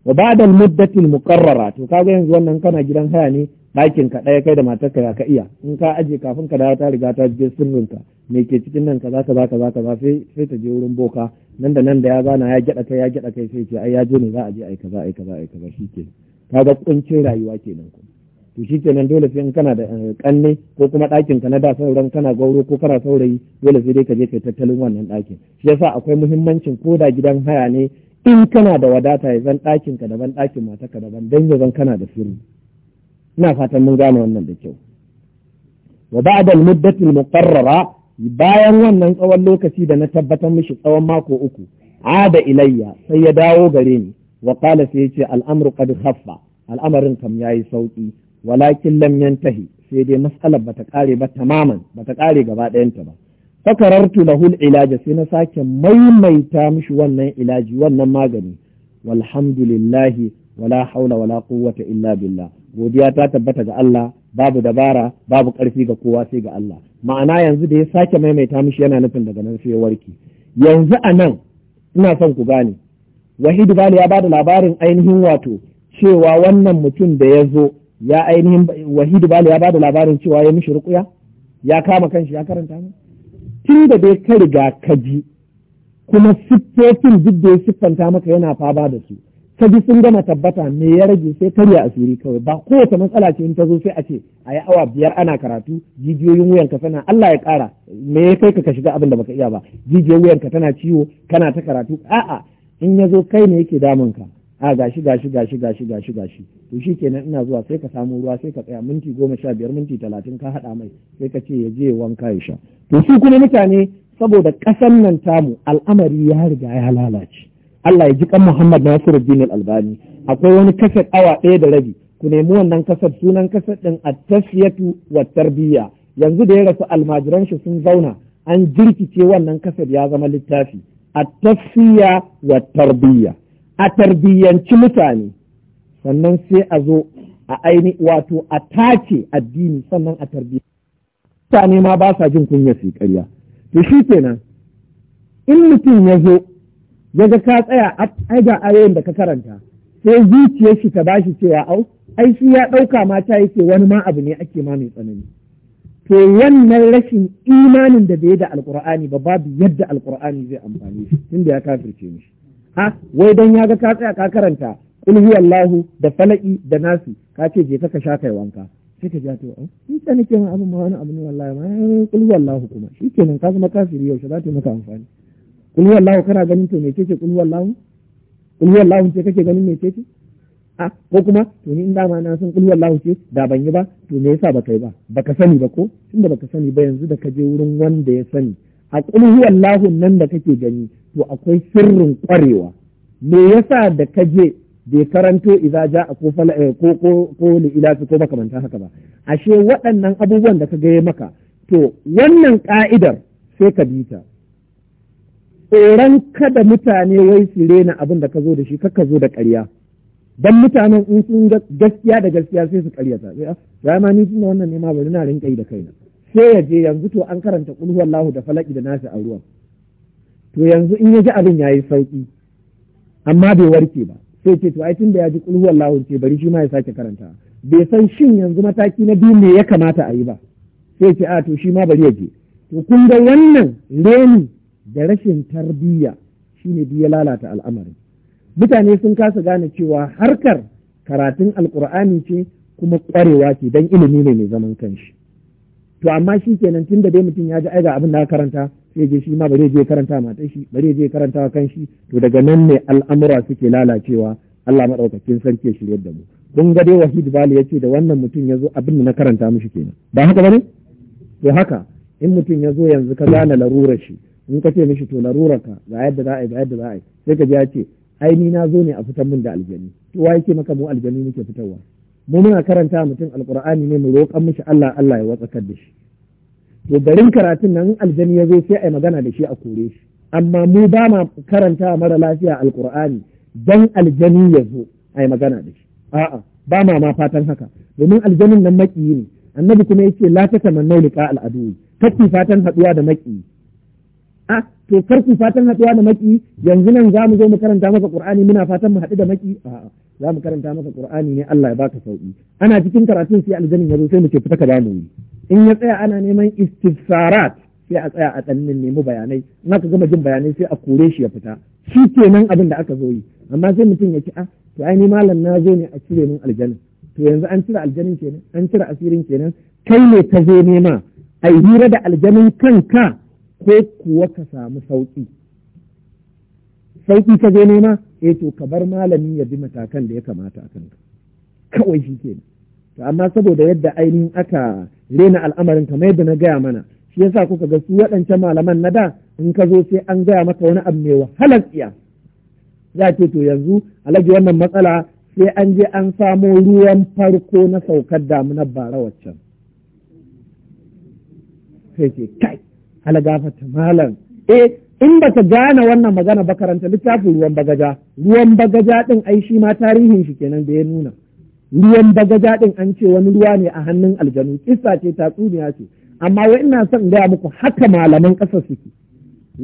S1: wa ba'da muddatil muqarrara to kaga yanzu wannan kana gidan haya ne ɗakin ka ɗaya kai da matarka ya ka iya in ka aje kafin ka dawo ta riga ta je sirrin ka me ke cikin nan kaza kaza kaza kaza sai sai ta je wurin boka nan da nan da ya zana ya gyada kai ya gyada kai sai ce ai ya je ne za a je ai kaza ai kaza ai kaza shike kaga kuncin rayuwa kenan ku to nan dole sai in kana da kanne eh, ko kuma ɗakin ka na da sauran kana gauro ko kana saurayi dole sai dai ka je kai tattalin wannan ɗakin shi yasa akwai muhimmancin ko da gidan haya ne in kana da wadata ya zan ɗakin ka daban ɗakin matarka daban dan ya zan kana da sirri ina fatan mun gane wannan da kyau wa ba'da al-muddati al-muqarrara bayan wannan tsawon lokaci da na tabbatar mishi tsawon mako uku ada ilayya sai ya dawo gare ni wa qala sai yace al-amru qad khaffa al'amarin kam yayi sauki walakin lam yantahi sai dai mas'alar bata kare ba tamaman bata kare gaba ɗayanta ba fakarartu lahu al-ilaja sai na sake maimaita mishi wannan ilaji wannan magani walhamdulillahi wala haula wala quwwata illa billah godiya ta tabbata ga Allah babu dabara babu ƙarfi ga kowa sai ga Allah ma'ana yanzu da ya sake maimaita mishi yana nufin daga nan sai warki yanzu a nan ina son ku gane wahidu bali ya bada labarin ainihin wato cewa wannan mutum da ya zo ya ainihin wahidu bali ya bada labarin cewa ya mishi rukuya ya kama kanshi ya karanta ne tun da dai ka riga ka kuma siffofin duk da ya siffanta maka yana faba da su ka bi sun gama tabbata me ya rage sai karya asiri kawai ba kowace matsala ce in ta zo sai a ce a yi awa biyar ana karatu jijiyoyin wuyanka sana Allah ya kara me ya kai ka shiga abin da baka iya ba jijiyoyin ka tana ciwo kana ta karatu a'a in ya zo kai ne yake damun ka a gashi gashi gashi gashi gashi gashi to shi kenan ina zuwa sai ka samu ruwa sai ka tsaya minti goma sha biyar minti talatin ka haɗa mai sai ka ce ya je wanka ya sha to su kuma mutane saboda kasan nan tamu al'amari ya riga ya lalace Allah ya ji kan Muhammad Nasiruddin Al-Albani akwai wani kasar awa ɗaya da rabi ku nemi wannan kasar sunan kasar ɗin a tasiyatu wa tarbiyya yanzu da ya rasu almajiran shi sun zauna an jirkice wannan kasar ya zama littafi a tasiya wa tarbiyya a tarbiyyanci mutane sannan sai a zo a aini wato a tace addini sannan a tarbiyya mutane ma ba sa jin kunya su karya. to shi kenan in mutum ya zo ya ga ka tsaya a ga ayoyin da ka karanta sai zuciyar shi ta bashi cewa au ai shi ya ɗauka mata yake wani ma abu ne ake ma mai tsanani to wannan rashin imanin da bai da alkur'ani ba babu yadda alkur'ani zai amfani shi tunda ya kafirce mishi ha wai dan ya ga ka tsaya ka karanta kul huwallahu da falaki da nasi ka ce je ka sha kai wanka sai ka ja to in ta nake ma abin ma wani abu ne wallahi ma kul huwallahu kuma shikenan ka zama kafiri yau za ta maka amfani kul wallahu kana ganin to me ce kul wallahu kul wallahu ce kake ganin me ce? a ko kuma to ni in dama na san kul wallahu ce da ban yi ba to me yasa baka yi ba baka sani ba ko tunda baka sani ba yanzu da ka je wurin wanda ya sani a kul wallahu nan da kake gani to akwai sirrin kwarewa me yasa da ka je bai karanto idza ja'a ko fala eh, ko ko ko ila ko manta haka ba ashe waɗannan abubuwan da ka ga maka to wannan ka'idar sai ka bita. tsoron kada mutane wai su rena abin da ka zo da shi kakka zo da ƙarya don mutanen in sun gaskiya da gaskiya sai su ƙarya sai ya ma ni tunda wannan ne ma bari na rinƙa yi da kaina sai ya je yanzu to an karanta ƙulhuwar lahu da falaki da nasi a ruwan to yanzu in ya ji abin ya yi sauƙi amma bai warke ba sai ce to ai tunda ya ji ƙulhuwar lahu ce bari shi ma ya sake karanta bai san shin yanzu mataki na biyu ne ya kamata a yi ba sai ce a to shi ma bari ya je to kun ga wannan reni da rashin tarbiyya shine duk ya lalata al'amarin mutane sun kasa gane cewa harkar karatun alkur'ani ce kuma ƙwarewa ce don ilimi ne mai zaman kanshi to amma shi kenan tun da dai mutum ya ji ai abin da karanta sai je shi ma bare je karanta ta shi bare je karanta kanshi, shi to daga nan ne al'amura suke lalacewa Allah madaukakin sarki ya shirye da mu kun ga dai Wahid Bali yace da wannan mutum yazo abin da na karanta mishi kenan ba haka bane to haka in mutum yazo yanzu ka gane larurar shi in ka ce mishi to larurarka ga yadda za a yi ga yadda za a yi sai ka ji ya ce ai ni na zo ne a fitar min da aljani to wa yake maka mu aljani muke fitarwa mu muna karanta mutum alqur'ani ne mu roƙan mishi Allah Allah ya watsakar da shi to garin karatun nan aljani ya zo sai a yi magana da shi a kore shi amma mu ba ma karanta mara lafiya alqur'ani dan aljani ya zo a yi magana da shi a'a ba ma ma fatan haka domin aljanin nan maƙiyi ne annabi kuma yace la tatamannu liqa al-adu fatan haɗuwa da maƙiyi a to kar ku fatan haɗuwa da maki yanzu nan za mu zo mu karanta maka qur'ani muna fatan mu haɗu da maki a'a za mu karanta maka qur'ani ne Allah ya baka sauki ana cikin karatun sai aljannin ya zo sai mu ce fita ka damu yi in ya tsaya ana neman istifsarat sai a tsaya a tsannin nemi bayanai Na ka gama jin bayanai sai a kore shi ya fita shi kenan abin da aka zo yi amma sai mutum ya ci a ah, to ai ni malam na zo ne a cire min aljannin to yanzu an cire aljannin kenan an cire asirin kenan kai ne ka zo nema ai hira da aljannin kanka ko kuwa ka samu sauƙi sauƙi ka je nema eh to ka bar malami ya bi matakan da ya kamata a kanka kawai shi ke to amma saboda yadda ainihin aka rena al'amarin kamar yadda na gaya mana shi yasa kuka ga su waɗancan malaman na da in ka zo sai an gaya maka wani abu mai wahalar tsiya za ce to yanzu alhaji wannan matsala sai an je an samo ruwan farko na saukar damunar bara waccan sai ce kai algafata malam eh in baka gane wannan magana ba karanta littafin ruwan bagaja ruwan bagaja din ai shi ma tarihin shi kenan da ya nuna ruwan bagaja din an ce wani ruwa ne a hannun aljanu kissa ce tatsuniya ce amma wai ina son gaya muku haka malaman ƙasa suke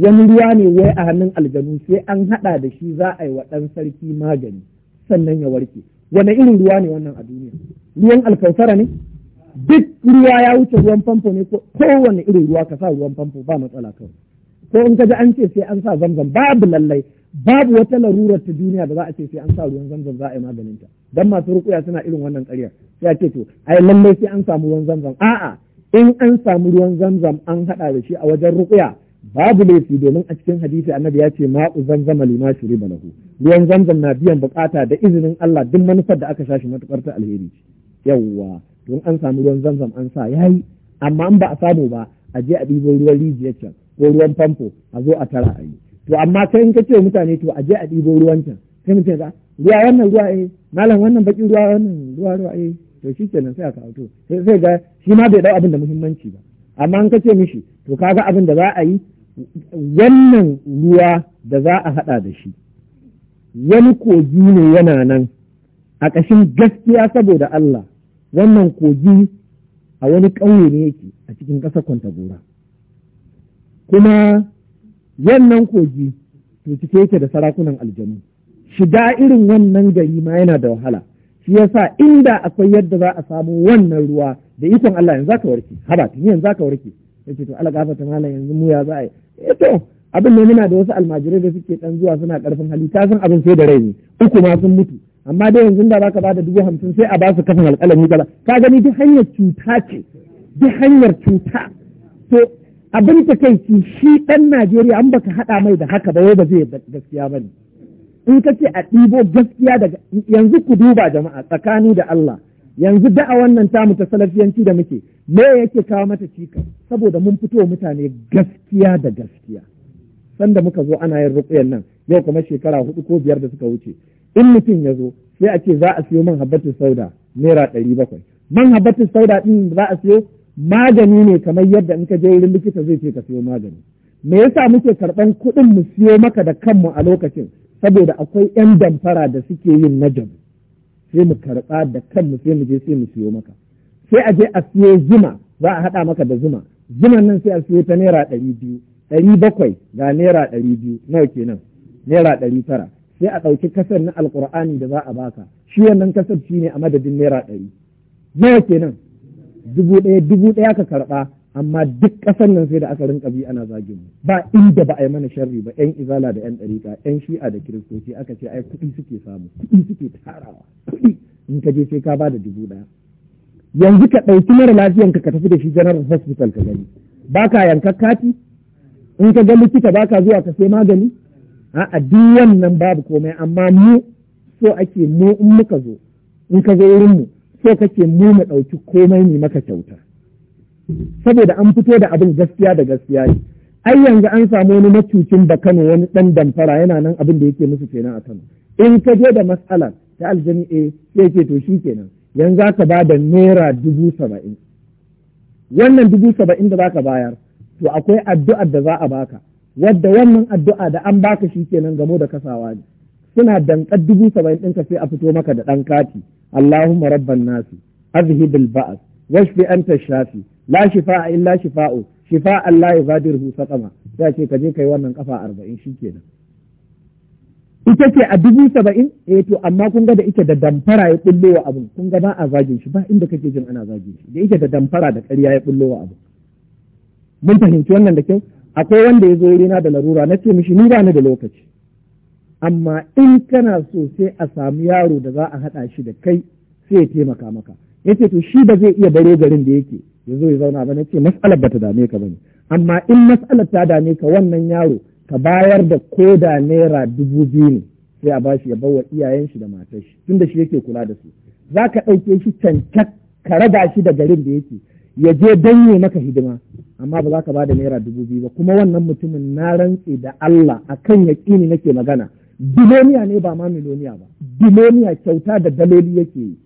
S1: wani ruwa ne wai a hannun aljanu sai an haɗa da shi za a yi wa ɗan sarki magani sannan ya warke wani irin ruwa ne wannan a duniya ruwan alkausara ne duk ruwa ya wuce ruwan famfo ne ko kowane irin ruwa ka sa ruwan famfo ba matsala kawai ko in ka ji an ce sai an sa zamzam babu lallai babu wata larurar ta duniya da za a ce sai an sa ruwan zamzam za a yi maganin ta dan masu rukuya suna irin wannan ƙarya sai a to ai lallai sai an samu ruwan zamzam a'a in an samu ruwan zamzam an haɗa da shi a wajen rukuya babu laifi domin a cikin hadisi annabi ya ce ma'u zamzama lima shuriba lahu ruwan zamzam na biyan bukata da izinin Allah duk manufar da aka sha shi matukar ta alheri yawwa don an samu ruwan zamzam an sa ya yi amma an ba a samu ba a je a ɗibo ruwan rijiyar can ko ruwan famfo a zo a tara a yi to amma kai in ka ce mutane to a je a ɗibo ruwan can sai mutum ya ruwa wannan ruwa eh malam wannan baki ruwa wannan ruwa ruwa eh to shi kenan sai kawo to sai sai ga shi ma bai dau abin da muhimmanci ba amma in ka ce mishi to kaga abin da za a yi wannan ruwa da za a haɗa da shi wani kogi ne yana nan a ƙashin gaskiya saboda Allah wannan kogi a wani ƙauye ne yake a cikin ƙasar gora. kuma yannan kogi to cike yake da sarakunan aljanu shiga irin wannan gari ma yana da wahala shi yasa inda akwai yadda za a samu wannan ruwa da ikon Allah yanzu ka warke haba tuni yanzu ka warke yace to Allah gafarta malam yanzu mu ya za a yi eh, to abin ne muna da wasu almajirai da suke dan zuwa suna karfin hali ta san abin sai da rai ne uku ma sun mutu amma dai yanzu da za ka ba da dubu hamsin sai a ba su kafin alƙalami kala ka gani duk hanyar cuta ce duk hanyar cuta to abin ta takaici shi ɗan Najeriya an baka haɗa mai da haka ba wai ba zai gaskiya ba ne in ka ce a ɗibo gaskiya daga yanzu ku duba jama'a tsakani da Allah yanzu da'a wannan tamu ta salafiyanci da muke me yake kawo mata cika saboda mun fito mutane gaskiya da gaskiya sanda muka zo ana yin rukuyan nan yau kuma shekara hudu ko biyar da suka wuce in mutum ya zo sai a ce za a siyo man habbatin sauda naira ɗari bakwai man habbatin sauda ɗin za a siyo magani ne kamar yadda in ka je wurin likita zai ce ka siyo magani me yasa muke karɓan kuɗin mu siyo maka da kanmu a lokacin saboda akwai ƴan damfara da suke yin najab sai mu karɓa da kanmu sai mu je sai mu siyo maka sai a je a siyo zuma za a haɗa maka da zuma zuman nan sai a siyo ta naira ɗari biyu ɗari bakwai ga naira ɗari biyu nawa kenan naira ɗari tara sai a ɗauki kasar na Alƙur'ani da za a baka shi wannan kasar shi ne a madadin naira ɗari nawa kenan dubu ɗaya dubu ɗaya ka karɓa amma duk ƙasar nan sai da aka rinka bi ana zagin ba inda ba a yi mana sharri ba yan izala da yan ɗariƙa yan shi'a da kiristoci aka ce ai kuɗi suke samu kuɗi suke tarawa kuɗi in ka je sai ka ba dubu ɗaya yanzu ka ɗauki mara lafiyan ka tafi da shi janar hospital ka gani ba ka yanka kati in ka ga likita baka zuwa ka sai magani a'a duk wannan babu komai amma mu so ake mu in muka zo in ka zo wurin mu so kake mu mu ɗauki komai ne maka kyauta saboda an fito da abin gaskiya da gaskiya ne ai yanzu an samu wani macucin bakano Kano wani ɗan damfara yana nan abin da yake musu kenan a Kano in ka je da matsalar ta aljami'a a eh, sai ke to shi kenan yanzu za ka ba da naira dubu saba'in wannan dubu saba'in da za ka bayar to akwai addu'ar da za a baka wadda wannan addu'a da an baka shi kenan gamo da kasawa ne suna dankar dubu saba'in ɗinka sai a fito maka da ɗan kati Allahumma rabban nasi azhibil ba'as washfi anta shafi la shifa'a illa shifa'u shifa'an la yughadiruhu saqama sai ce ka je kai wannan kafa arba'in shi kenan ita ce a dubu saba'in eh to amma kun ga da ike da damfara ya bullo wa abun, kun ga ba a zagin shi ba inda kake jin ana zagin shi da ike da damfara da ƙarya ya bullo wa abun. mun fahimci wannan da kyau akwai wanda ya zo rina da larura na ce mishi ni ba ni da lokaci amma in kana so sai a samu yaro da za a haɗa shi da kai sai ya taimaka maka Ya ce to shi ba zai iya bare garin da yake ya zo ya zauna ba na ce matsalar ba ta dame ka ba ne. amma in matsalar ta dame ka wannan yaro ka bayar da ko da naira dubu biyu ne sai a bashi ya bawa iyayen shi da matar shi tunda shi yake kula da su za ka ɗauke shi cancak ka raga shi da garin da yake ya je danye maka hidima amma ba za ka bada naira dubu biyu ba kuma wannan mutumin na rantse da Allah akan yaƙini nake magana biloniya ne ba ma miloniya ba biloniya kyauta da daloli yake yi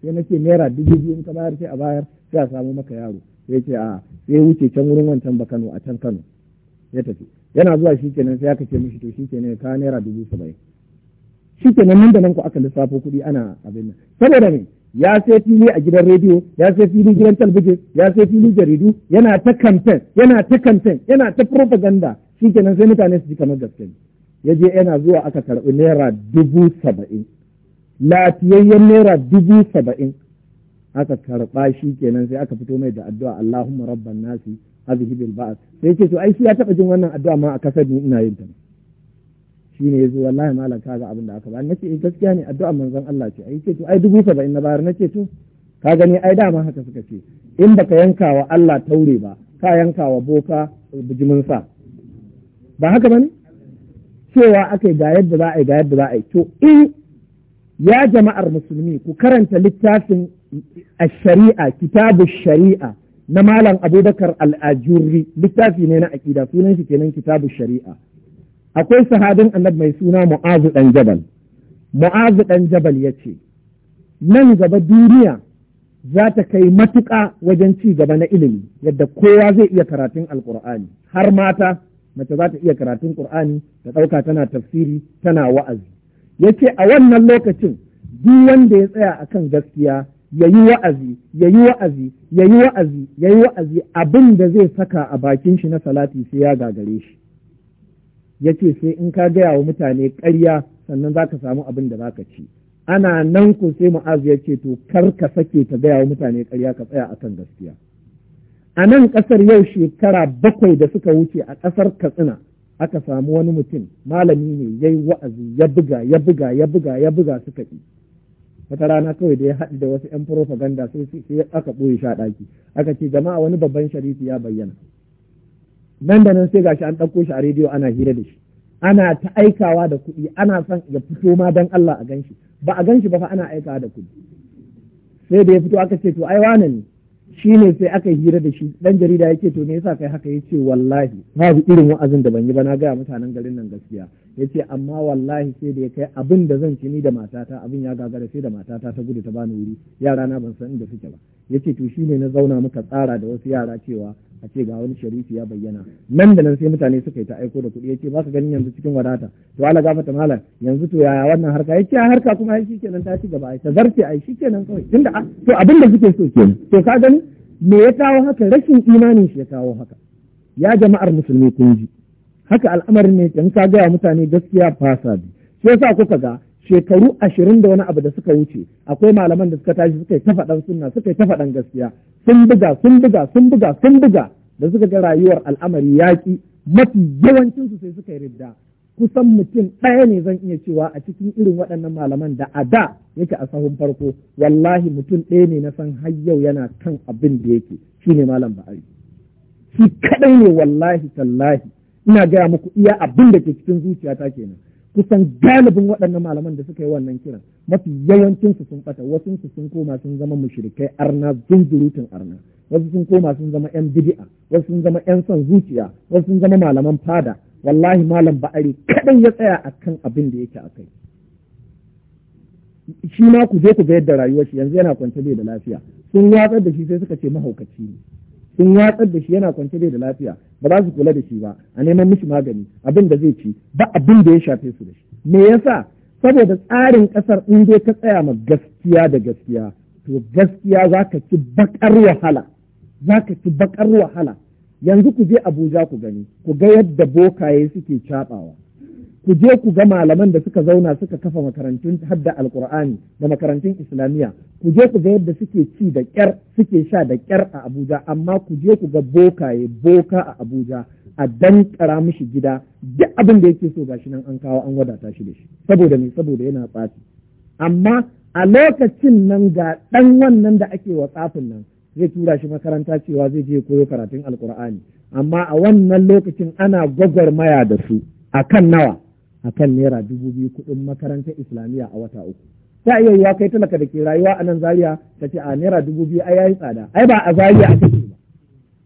S1: sai nake naira dubu biyu in ka bayar sai a bayar sai a samu maka yaro sai ce a sai wuce can wurin wancan ba Kano a can Kano ya tafi yana zuwa shi kenan sai aka ce mishi to shi kenan ka naira dubu saba'in shi kenan nan da nan ku aka lissafo kuɗi ana abin nan saboda ne. ya sai fili a gidan rediyo ya sai fili gidan talbijin ya sai fili jaridu yana ta kamfen yana ta kamfen yana ta propaganda Shi kenan sai mutane su ji kamar gaske ya je yana zuwa aka karɓi naira dubu saba'in lafiyayyen naira dubu saba'in aka karɓa shi kenan sai aka fito mai da addu'a Allahumma rabban nasi azhibil ba'as sai ke to ai shi ya taɓa jin wannan addu'a ma a kasar ni ina yin ta shine yazo wallahi malam kaga abin da aka ba nace in eh, gaskiya ne addu'a manzon Allah ce ai ce to ai dubu saba'in na bayar nace to ka gani ai dama haka suka ce in baka yanka wa Allah taure ba ka yanka wa boka bijimin sa ba haka bane cewa aka ga yadda za a yi ga yadda za a yi to in ya jama'ar musulmi ku karanta littafin shari'a kitabu shari'a na malam abubakar al'ajurri littafi ne na aƙida sunan shi kenan kitabu shari'a akwai sahabin annabi mai suna mu'azu ɗan jabal mu'azu ɗan jabal ya ce nan gaba duniya za ta kai matuƙa wajen ci gaba na ilimi yadda kowa zai iya karatun Alƙur'ani, har mata mace za ta iya karatun ƙur'ani ta ɗauka tana tafsiri tana wa'azi ya ce a wannan lokacin duk wanda ya tsaya a kan gaskiya ya yi wa'azi ya yi wa'azi ya yi wa'azi ya yi wa'azi abin da zai saka a bakin shi na salati sai ya gagare shi ya ce sai in ka gaya wa mutane karya sannan za ka samu abin da za ka ci ana nan ku sai mu'azu ya ce to kar ka sake ta gaya wa mutane karya ka tsaya akan gaskiya a nan ƙasar yau shekara bakwai da suka wuce a ƙasar katsina aka samu wani mutum malami ne ya yi wa'azi ya buga ya buga ya buga ya buga suka ƙi wata rana kawai da ya haɗu da wasu 'yan furofaganda sai aka ɓoye shaɗaki. aka ce jama'a wani babban sharifi ya bayyana nan da nan sai gashi an ɗauko shi a rediyo ana hira da shi ana ta aikawa da kuɗi ana son ya fito ma dan Allah a ganshi ba a ganshi ba fa ana aikawa da kuɗi sai da ya fito aka ce to ai wane ne shi ne sai aka hira da shi dan jarida yake to me yasa kai haka yace wallahi babu irin wa'azin da ban yi ba na ga mutanen garin nan gaskiya ya ce amma wallahi sai da ya kai abin da zan ci ni da matata abin ya gagara sai da matata ta gudu ta bani wuri yara na ban san inda suke ba ya ce to shine na zauna muka tsara da wasu yara cewa a ce ga wani sharifi ya bayyana nan da nan sai mutane suka yi ta aiko da kuɗi ya ce ba su ganin yanzu cikin wadata to ala ta malam yanzu to yaya wannan harka ya ce harka kuma ai kenan ta ci gaba ai ta zarce ai kenan kawai tunda to abin da suke so kenan to ka gani me ya kawo haka rashin imanin shi ya kawo haka ya jama'ar musulmi kun ji haka al'amarin ne in ka gaya mutane gaskiya fasa bi shi yasa kuka ga shekaru ashirin da wani abu da suka wuce akwai malaman da suka tashi suka yi ta faɗan sunna suka yi ta faɗan gaskiya sun buga sun buga sun buga sun buga da suka ga rayuwar al'amari yaƙi mafi yawancinsu sai suka yi ridda kusan mutum ɗaya ne zan iya cewa a cikin irin waɗannan malaman da a da yake a sahun farko wallahi mutum ɗaya ne na san har yau yana kan abin da yake shine malam ba'ari shi kaɗai ne wallahi tallahi ina gaya muku iya abin da ke cikin zuciyata kenan kusan galibin waɗannan malaman da suka yi wannan kiran mafi yawancin su sun ɓata wasu sun koma sun zama mushrikai arna zunzurutun arna wasu sun koma sun zama yan bid'a wasu sun zama yan son zuciya wasu sun zama malaman fada wallahi malam ba'ari kaɗan ya tsaya akan abin da yake akai shi ma ku je ku ga yadda rayuwar shi yanzu yana kwance bai da lafiya sun watsar da shi sai suka ce mahaukaci ne sun watsar da shi yana kwance bai da lafiya ba za su kula da shi ba a neman mishi magani abin da zai ci ba abin da ya shafe su da shi me yasa saboda tsarin kasar in dai ka tsaya ma gaskiya da gaskiya to gaskiya za ka ci bakar wahala za ka ci bakar wahala yanzu ku je Abuja ku gani ku ga yadda bokaye suke cabawa ku je ku ga malaman da suka zauna suka kafa makarantun hadda alkur'ani da makarantun islamiyya ku je ku ga yadda suke ci da kyar suke sha da kyar a abuja amma ku je ku ga bokaye boka a abuja a kara mishi gida duk abin da yake so gashi nan an kawo an wadata shi da shi saboda me saboda yana tsafi amma a lokacin nan ga dan wannan da ake wa tsafin nan zai tura shi makaranta cewa zai je koyo karatun alkur'ani amma a wannan lokacin ana gwagwarmaya da su akan nawa a kan naira dubu biyu kuɗin makarantar islamiyya a wata uku ta iya yiwa kai talaka da ke rayuwa a nan zaria ta ce a naira dubu biyu ai yayi tsada ai ba a zaria aka ce ba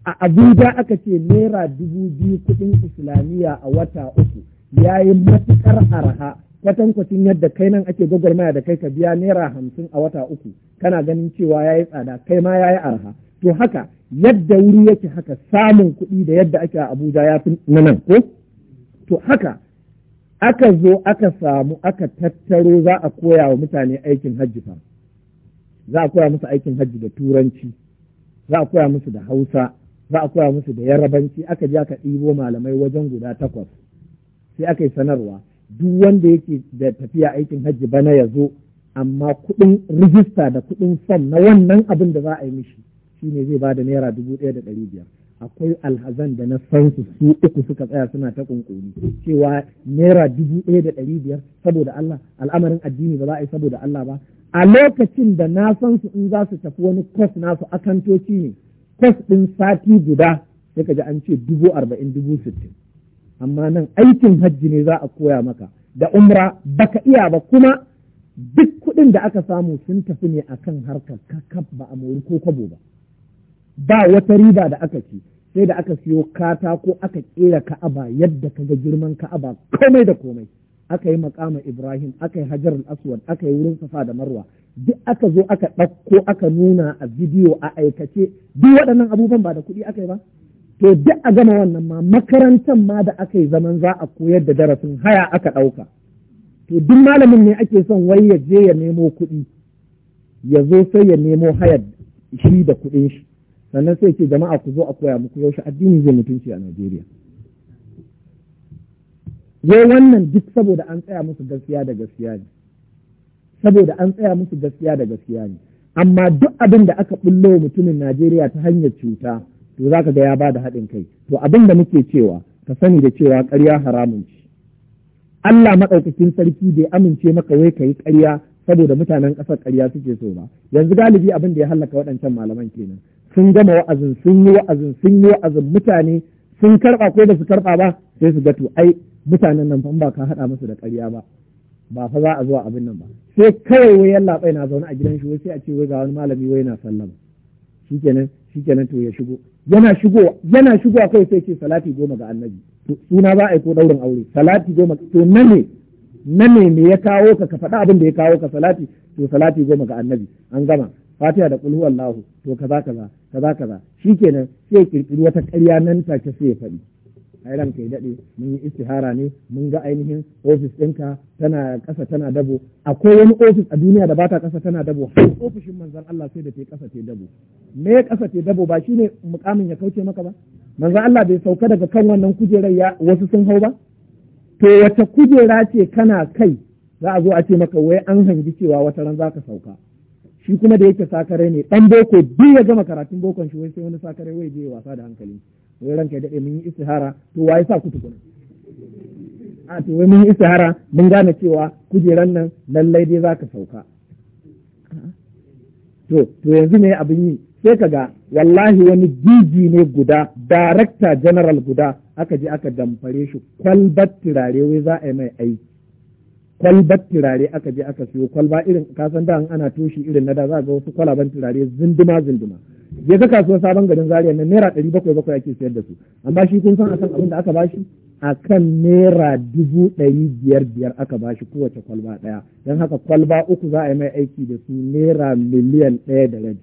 S1: a abuja aka ce naira dubu biyu kuɗin islamiyya a wata uku yayi matuƙar arha kwatankwacin yadda kai nan ake gwagwarmaya da kai ka biya naira hamsin a wata uku kana ganin cewa yayi tsada kai ma yayi arha to haka yadda wuri yake haka samun kuɗi da yadda ake a abuja ya fi na nan ko to haka aka zo aka samu aka tattaro za a koya wa mutane aikin hajji fa za a koya musu aikin hajji da turanci za a koya musu da hausa za a koya musu da yarabanci aka je aka ɗibo malamai wajen guda takwas sai aka yi sanarwa duk wanda yake da tafiya aikin hajji bana ya zo amma kuɗin rijista da kuɗin fom na wannan abin da za a yi mishi shine zai ba da naira dubu ɗaya da ɗari biyar akwai alhazan da na san su su uku suka tsaya suna ta kunkuri cewa naira dubu ɗaya da ɗari biyar saboda Allah al'amarin addini ba za a yi saboda Allah ba a lokacin da na san su in za su tafi wani kwas nasu akantoci ne kwas ɗin sati guda sai ka ji an ce dubu arba'in dubu sittin amma nan aikin hajji ne za a koya maka da umra baka iya ba kuma duk kuɗin da aka samu sun tafi ne akan harkar kakaf ba a mori ko kwabo ba ba wata riba da aka ci sai da aka siyo katako aka kera ka'aba yadda ka ga girman ka'aba komai da komai aka yi makama ibrahim aka yi hajar aswad aka yi wurin safa da marwa duk aka zo aka ɗauko aka nuna a bidiyo a aikace duk waɗannan abubuwan ba da kuɗi aka yi ba to duk a gama wannan ma makarantar ma da aka yi zaman za a koyar da darasin haya aka ɗauka to duk malamin ne ake son wai ya je ya nemo kuɗi ya zo sai ya nemo hayar shi da kuɗin shi sannan sai ce jama'a ku zo a koya muku yaushe addini zai mutunci a Najeriya Zo wannan duk saboda an tsaya musu gaskiya da gaskiya ne saboda an tsaya musu gaskiya da gaskiya ne amma duk abin da aka bullo mutumin Najeriya ta hanyar cuta to za ka ga ya da haɗin kai to abin da muke cewa ka sani da cewa ƙarya haramun ce Allah maɗaukakin sarki bai amince maka wai ka yi ƙarya saboda mutanen ƙasar ƙarya suke so ba yanzu galibi abin da ya hallaka waɗancan malaman kenan sun gama wa'azin sun yi wa'azin sun yi wa'azin mutane sun karɓa ko da su karɓa ba sai su ga to ai mutanen nan fa ba ka haɗa musu da ƙarya ba ba fa za a zuwa abin nan ba sai kawai wai yalla bai na zaune a gidan shi wai sai a ce wai ga wani malami wai na sallama shikenan shikenan to ya shigo yana shigo yana shigo kai sai ce salati goma ga annabi to suna za a yi ko daurin aure salati goma to na ne na ne me ya kawo ka ka faɗa abin da ya kawo ka salati to salati goma ga annabi an gama fatiha da kulhu wallahu to kaza kaza kaza kaza shikenan sai kirkiri wata ƙarya nan take sai ya faɗi ai ran kai dade mun yi istihara ne mun ga ainihin ofis ɗinka tana ƙasa tana dabo akwai wani ofis a duniya da bata ƙasa tana dabo har ofishin manzon Allah sai da ta ƙasa ta dabo me ya ƙasa ta dabo ba shine mukamin ya kauce maka ba manzon Allah bai sauka daga kan wannan kujerar ya wasu sun hau ba to wata kujera ce kana kai za a zo a ce maka wai an hangi cewa wata ran zaka sauka shi kuma da yake sakare ne dan boko duk ya gama karatun bokon shi wai sai wani sakare wai je wasa da hankali wai ranka ya dade mun yi istihara to wai sa ku tukuna a to wai mun yi istihara mun gane cewa kujeran nan lallai dai zaka sauka to to yanzu ne abin yi sai ka ga wallahi wani diji ne guda director general guda aka je aka damfare shi kwalbar turare wai za a yi mai aiki kwalbar turare aka je aka siyo kwalba irin kasan da ana toshi irin na da za ga wasu kwalaban turare zinduma zinduma je ka kasuwar sabon garin zariya na naira ɗari bakwai bakwai ake siyar da su amma shi kun san akan abin da aka bashi akan naira dubu ɗari biyar biyar aka bashi kowace kwalba ɗaya don haka kwalba uku za a yi mai aiki da su naira miliyan ɗaya da rabi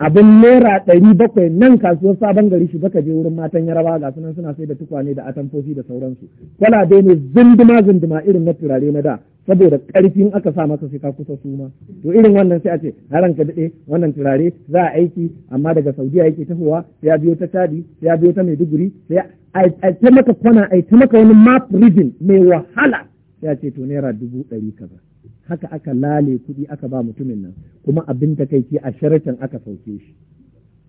S1: abin naira ɗari bakwai nan kasuwar sabon gari shi baka je wurin matan yaraba ga sunan suna sai da tukwane da atamfofi da sauransu dai ne zinduma zinduma irin na turare na da saboda ƙarfin aka sa maka sai ka kusa suma to irin wannan sai a ce haran ka daɗe wannan turare za a aiki amma daga saudiya yake tafowa sai ya biyo ta tadi sai ya biyo ta maiduguri sai a ta maka kwana a ta maka wani map reading mai wahala sai a ce to naira dubu ɗari kaza haka aka lale kuɗi aka ba mutumin nan kuma abin takaici a sharatin aka sauke shi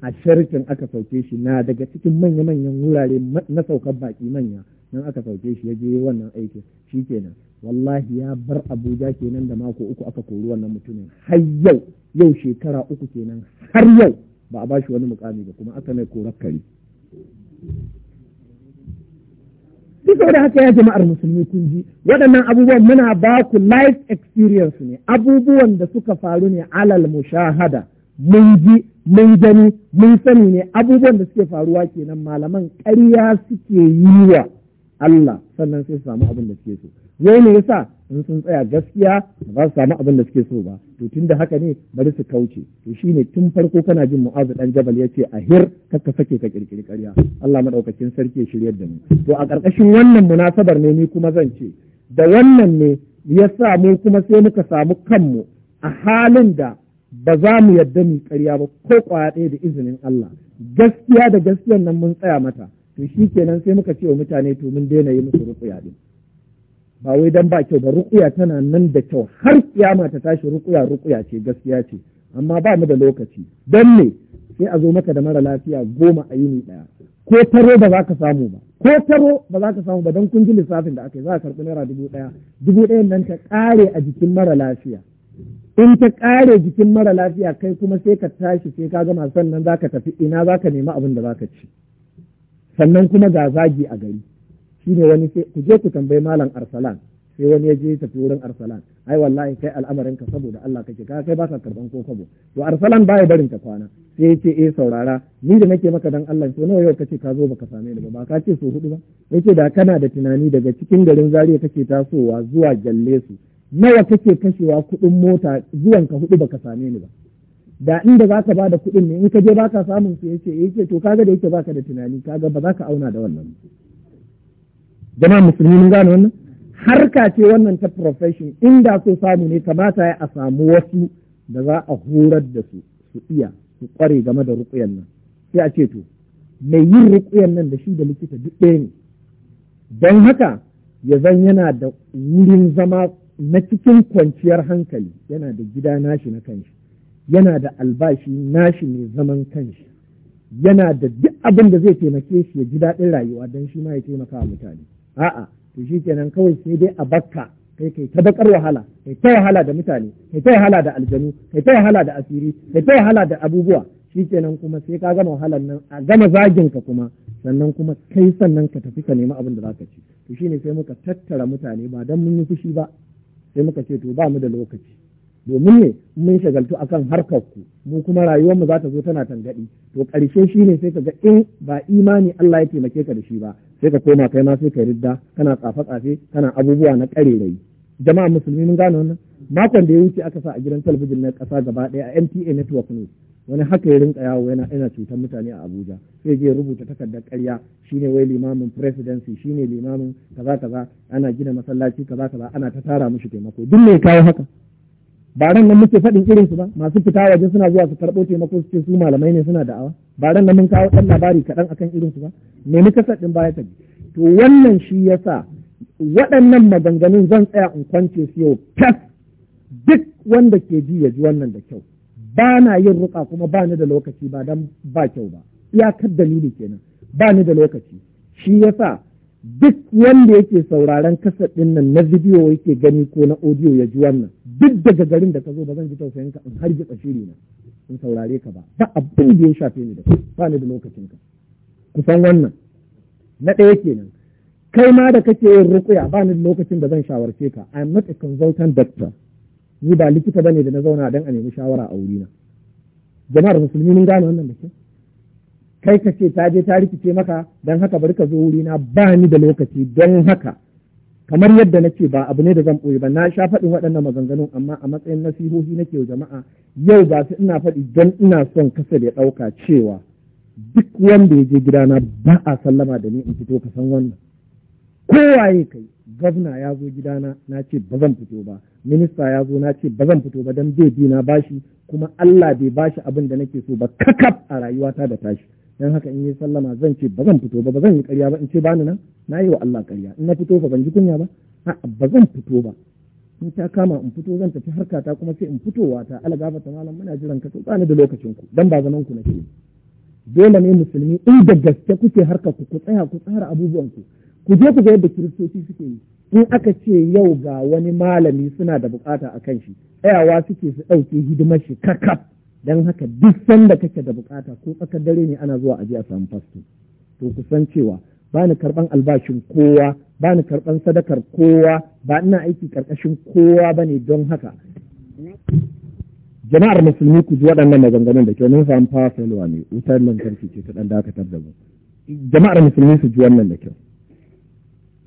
S1: a sharatin aka sauke shi na daga cikin manya-manyan wurare na saukar baki manya nan aka sauke shi ya je wannan aikin shi kenan wallahi ya bar abuja kenan da mako uku aka kori wannan mutumin har yau yau shekara uku kenan har yau ba a bashi wani mukami ba kuma aka mai korar kare shi da haka ya jama'ar musulmi kun ji waɗannan abubuwan muna ba ku life experience ne abubuwan da suka faru ne alal mushahada mun ji mun gani mun sani ne abubuwan da suke faruwa kenan malaman ƙarya suke yi wa Allah sannan sai su samu abin da suke so yau ne yasa in sun tsaya gaskiya ba su samu abin da suke so ba to tun da haka ne bari su kauce to shine tun farko kana jin mu'azu dan jabal yace ahir kakka sake ka kirkiri ƙarya Allah madaukakin sarki ya shiryar da mu to a ƙarƙashin wannan munasabar ne ni kuma zan ce da wannan ne yasa mu kuma sai muka samu kanmu a halin da ba za mu yadda mu ƙarya ba ko ƙwaya ɗaya da izinin Allah gaskiya da gaskiyan nan mun tsaya mata to shi kenan sai muka ce wa mutane to mun daina yi musu rukuya din ba wai dan ba kyau ba rukuya tana nan da kyau har kiyama ta tashi rukuya rukuya ce gaskiya ce amma ba mu da lokaci dan ne sai a zo maka da mara lafiya goma a yini ɗaya. ko taro ba za ka samu ba ko taro ba za ka samu ba don kun ji lissafin da aka yi za a karɓi naira dubu ɗaya dubu ɗayan nan ta ƙare a jikin mara lafiya in ta ƙare jikin mara lafiya kai kuma sai ka tashi sai ka gama sannan za ka tafi ina za ka nemi abin da za ka ci sannan kuma ga zagi a gari Shi ne wani sai ku je ku tambayi malam arsalan sai wani ya je tafi wurin arsalan ai wallahi kai al'amarin ka saboda Allah kake ka kai baka karban ko kabo to arsalan baya barin ta kwana sai ya ce eh saurara ni da nake maka dan Allah to nawa yau kace ka zo baka same ni ba ba ka ce so hudu ba yace da kana da tunani daga cikin garin Zaria kake tasowa zuwa Jallesu su nawa kake kashewa kuɗin mota zuwan ka hudu baka same ni ba da inda za ka bada kuɗin ne in ka je baka samun su yace yace eh, to kaga da yake baka da tunani kaga ba za ka auna da wannan jama'a musulmi mun gane wannan harka ce wannan ta profession inda so samu ne kamata ya a samu wasu da za a horar da su su iya su kware game da rukuyan nan sai a ce to mai yin rukuyan nan da shi da likita duk ɗaya ne don haka ya zan yana da wurin zama na cikin kwanciyar hankali yana da gida nashi na kanshi yana da albashi nashi mai zaman kanshi yana da duk abin da zai taimake shi ya ji daɗin rayuwa don shi ma ya taimaka mutane a'a to shi kenan kawai sai dai a bakka kai kai ta bakar wahala kai ta wahala da mutane kai ta wahala da aljanu kai ta wahala da asiri kai ta wahala da abubuwa shi kenan kuma sai ka gama wahalar nan a gama zagin ka kuma sannan kuma kai sannan ka tafi ka nemi abin da zaka ci to shine sai muka tattara mutane ba dan mun yi fushi ba sai muka ce to ba mu da lokaci domin ne mun shagaltu akan harkar ku mu kuma rayuwar mu za ta zo tana tangaɗi to ƙarshe ne sai ka ga in ba imani Allah ya taimake ka da shi ba sai ka koma kai ma sai ka ridda kana tsafa tsafe kana abubuwa na karerai jama'a musulmi mun gano wannan makon da ya wuce aka sa a gidan talabijin na kasa gaba ɗaya a MTA network ne wani haka ya rinka yawo yana yana cutar mutane a Abuja sai je rubuta takardar karya shine wai limamin presidency shine limamin kaza kaza ana gina masallaci kaza kaza ana ta tara mishi taimako duk mai kawo haka ba ran nan muke faɗin irin su ba masu fita waje suna zuwa su karɓo taimako su ce su malamai ne suna da'awa ba ran nan mun kawo ɗan labari kaɗan akan irin su ba me muka ɗin baya tabi to wannan shi ya sa waɗannan maganganun zan tsaya in kwance su yau fas duk wanda ke ji ya ji wannan da kyau ba na yin ruka kuma ba ni da lokaci ba dan ba kyau ba iyakar dalili kenan ba ni da lokaci shi ya sa duk wanda yake sauraren kasar ɗin nan na bidiyo yake gani ko na audio ya ji wannan duk daga garin da ka zo ba zan ji tausayin ka in har ji tsashiri na in saurare ka ba ba abin da ya shafe ni da ba ni da lokacin ka kusan wannan na ɗaya kenan kai ma da kake yin rukuya ba ni da lokacin da zan shawarce ka i'm not a consultant doctor ni ba likita bane da na zauna dan a nemi shawara a wurina jama'ar musulmi mun gane wannan da ke kai ka ce ta je ta rikice maka don haka bari ka zo wurina ba ni da lokaci don haka kamar yadda nake ba abu ne da zan ɓoye ba na sha faɗin waɗannan maganganun amma a matsayin nasihohi nake wa jama'a yau ba su ina faɗi don ina son kasa da ɗauka cewa duk wanda ya je gidana ba a sallama da ni in fito ka san wannan ya kai gwamna ya zo gidana na ce ba zan fito ba minista ya zo na ce ba zan fito ba don bai bi na bashi kuma Allah bai bashi abin da nake so ba kakaf a rayuwata da tashi dan haka in yi sallama zan ce ba zan fito ba ba zan yi ƙarya ba in ce bani nan na yi wa Allah ƙarya in na fito fa ban ji kunya ba a'a ba zan fito ba in ta kama in fito zan tafi harkata kuma sai in fitowa ta ala ta malam muna jiran ka to tsani da lokacin ku dan ba zaman ku nake dole ne musulmi in da gaske kuke harka ku ku tsaya ku tsara abubuwan ku ku je ku ga yadda kiristoci suke yi in aka ce yau ga wani malami suna da bukata akan shi tsayawa suke su ɗauke hidimar shi kakaf don haka duk sanda kake da bukata ko tsakar dare ne ana zuwa aje a samu fasto to ku san cewa ba ni karban albashin kowa ba ni karban sadakar kowa ba ina aiki karkashin kowa ba ne don haka jama'ar musulmi ku ji waɗannan maganganun da kyau mun samu power failure ne wutar lantarki ce ta ɗan dakatar da mu jama'ar musulmi su ji wannan da kyau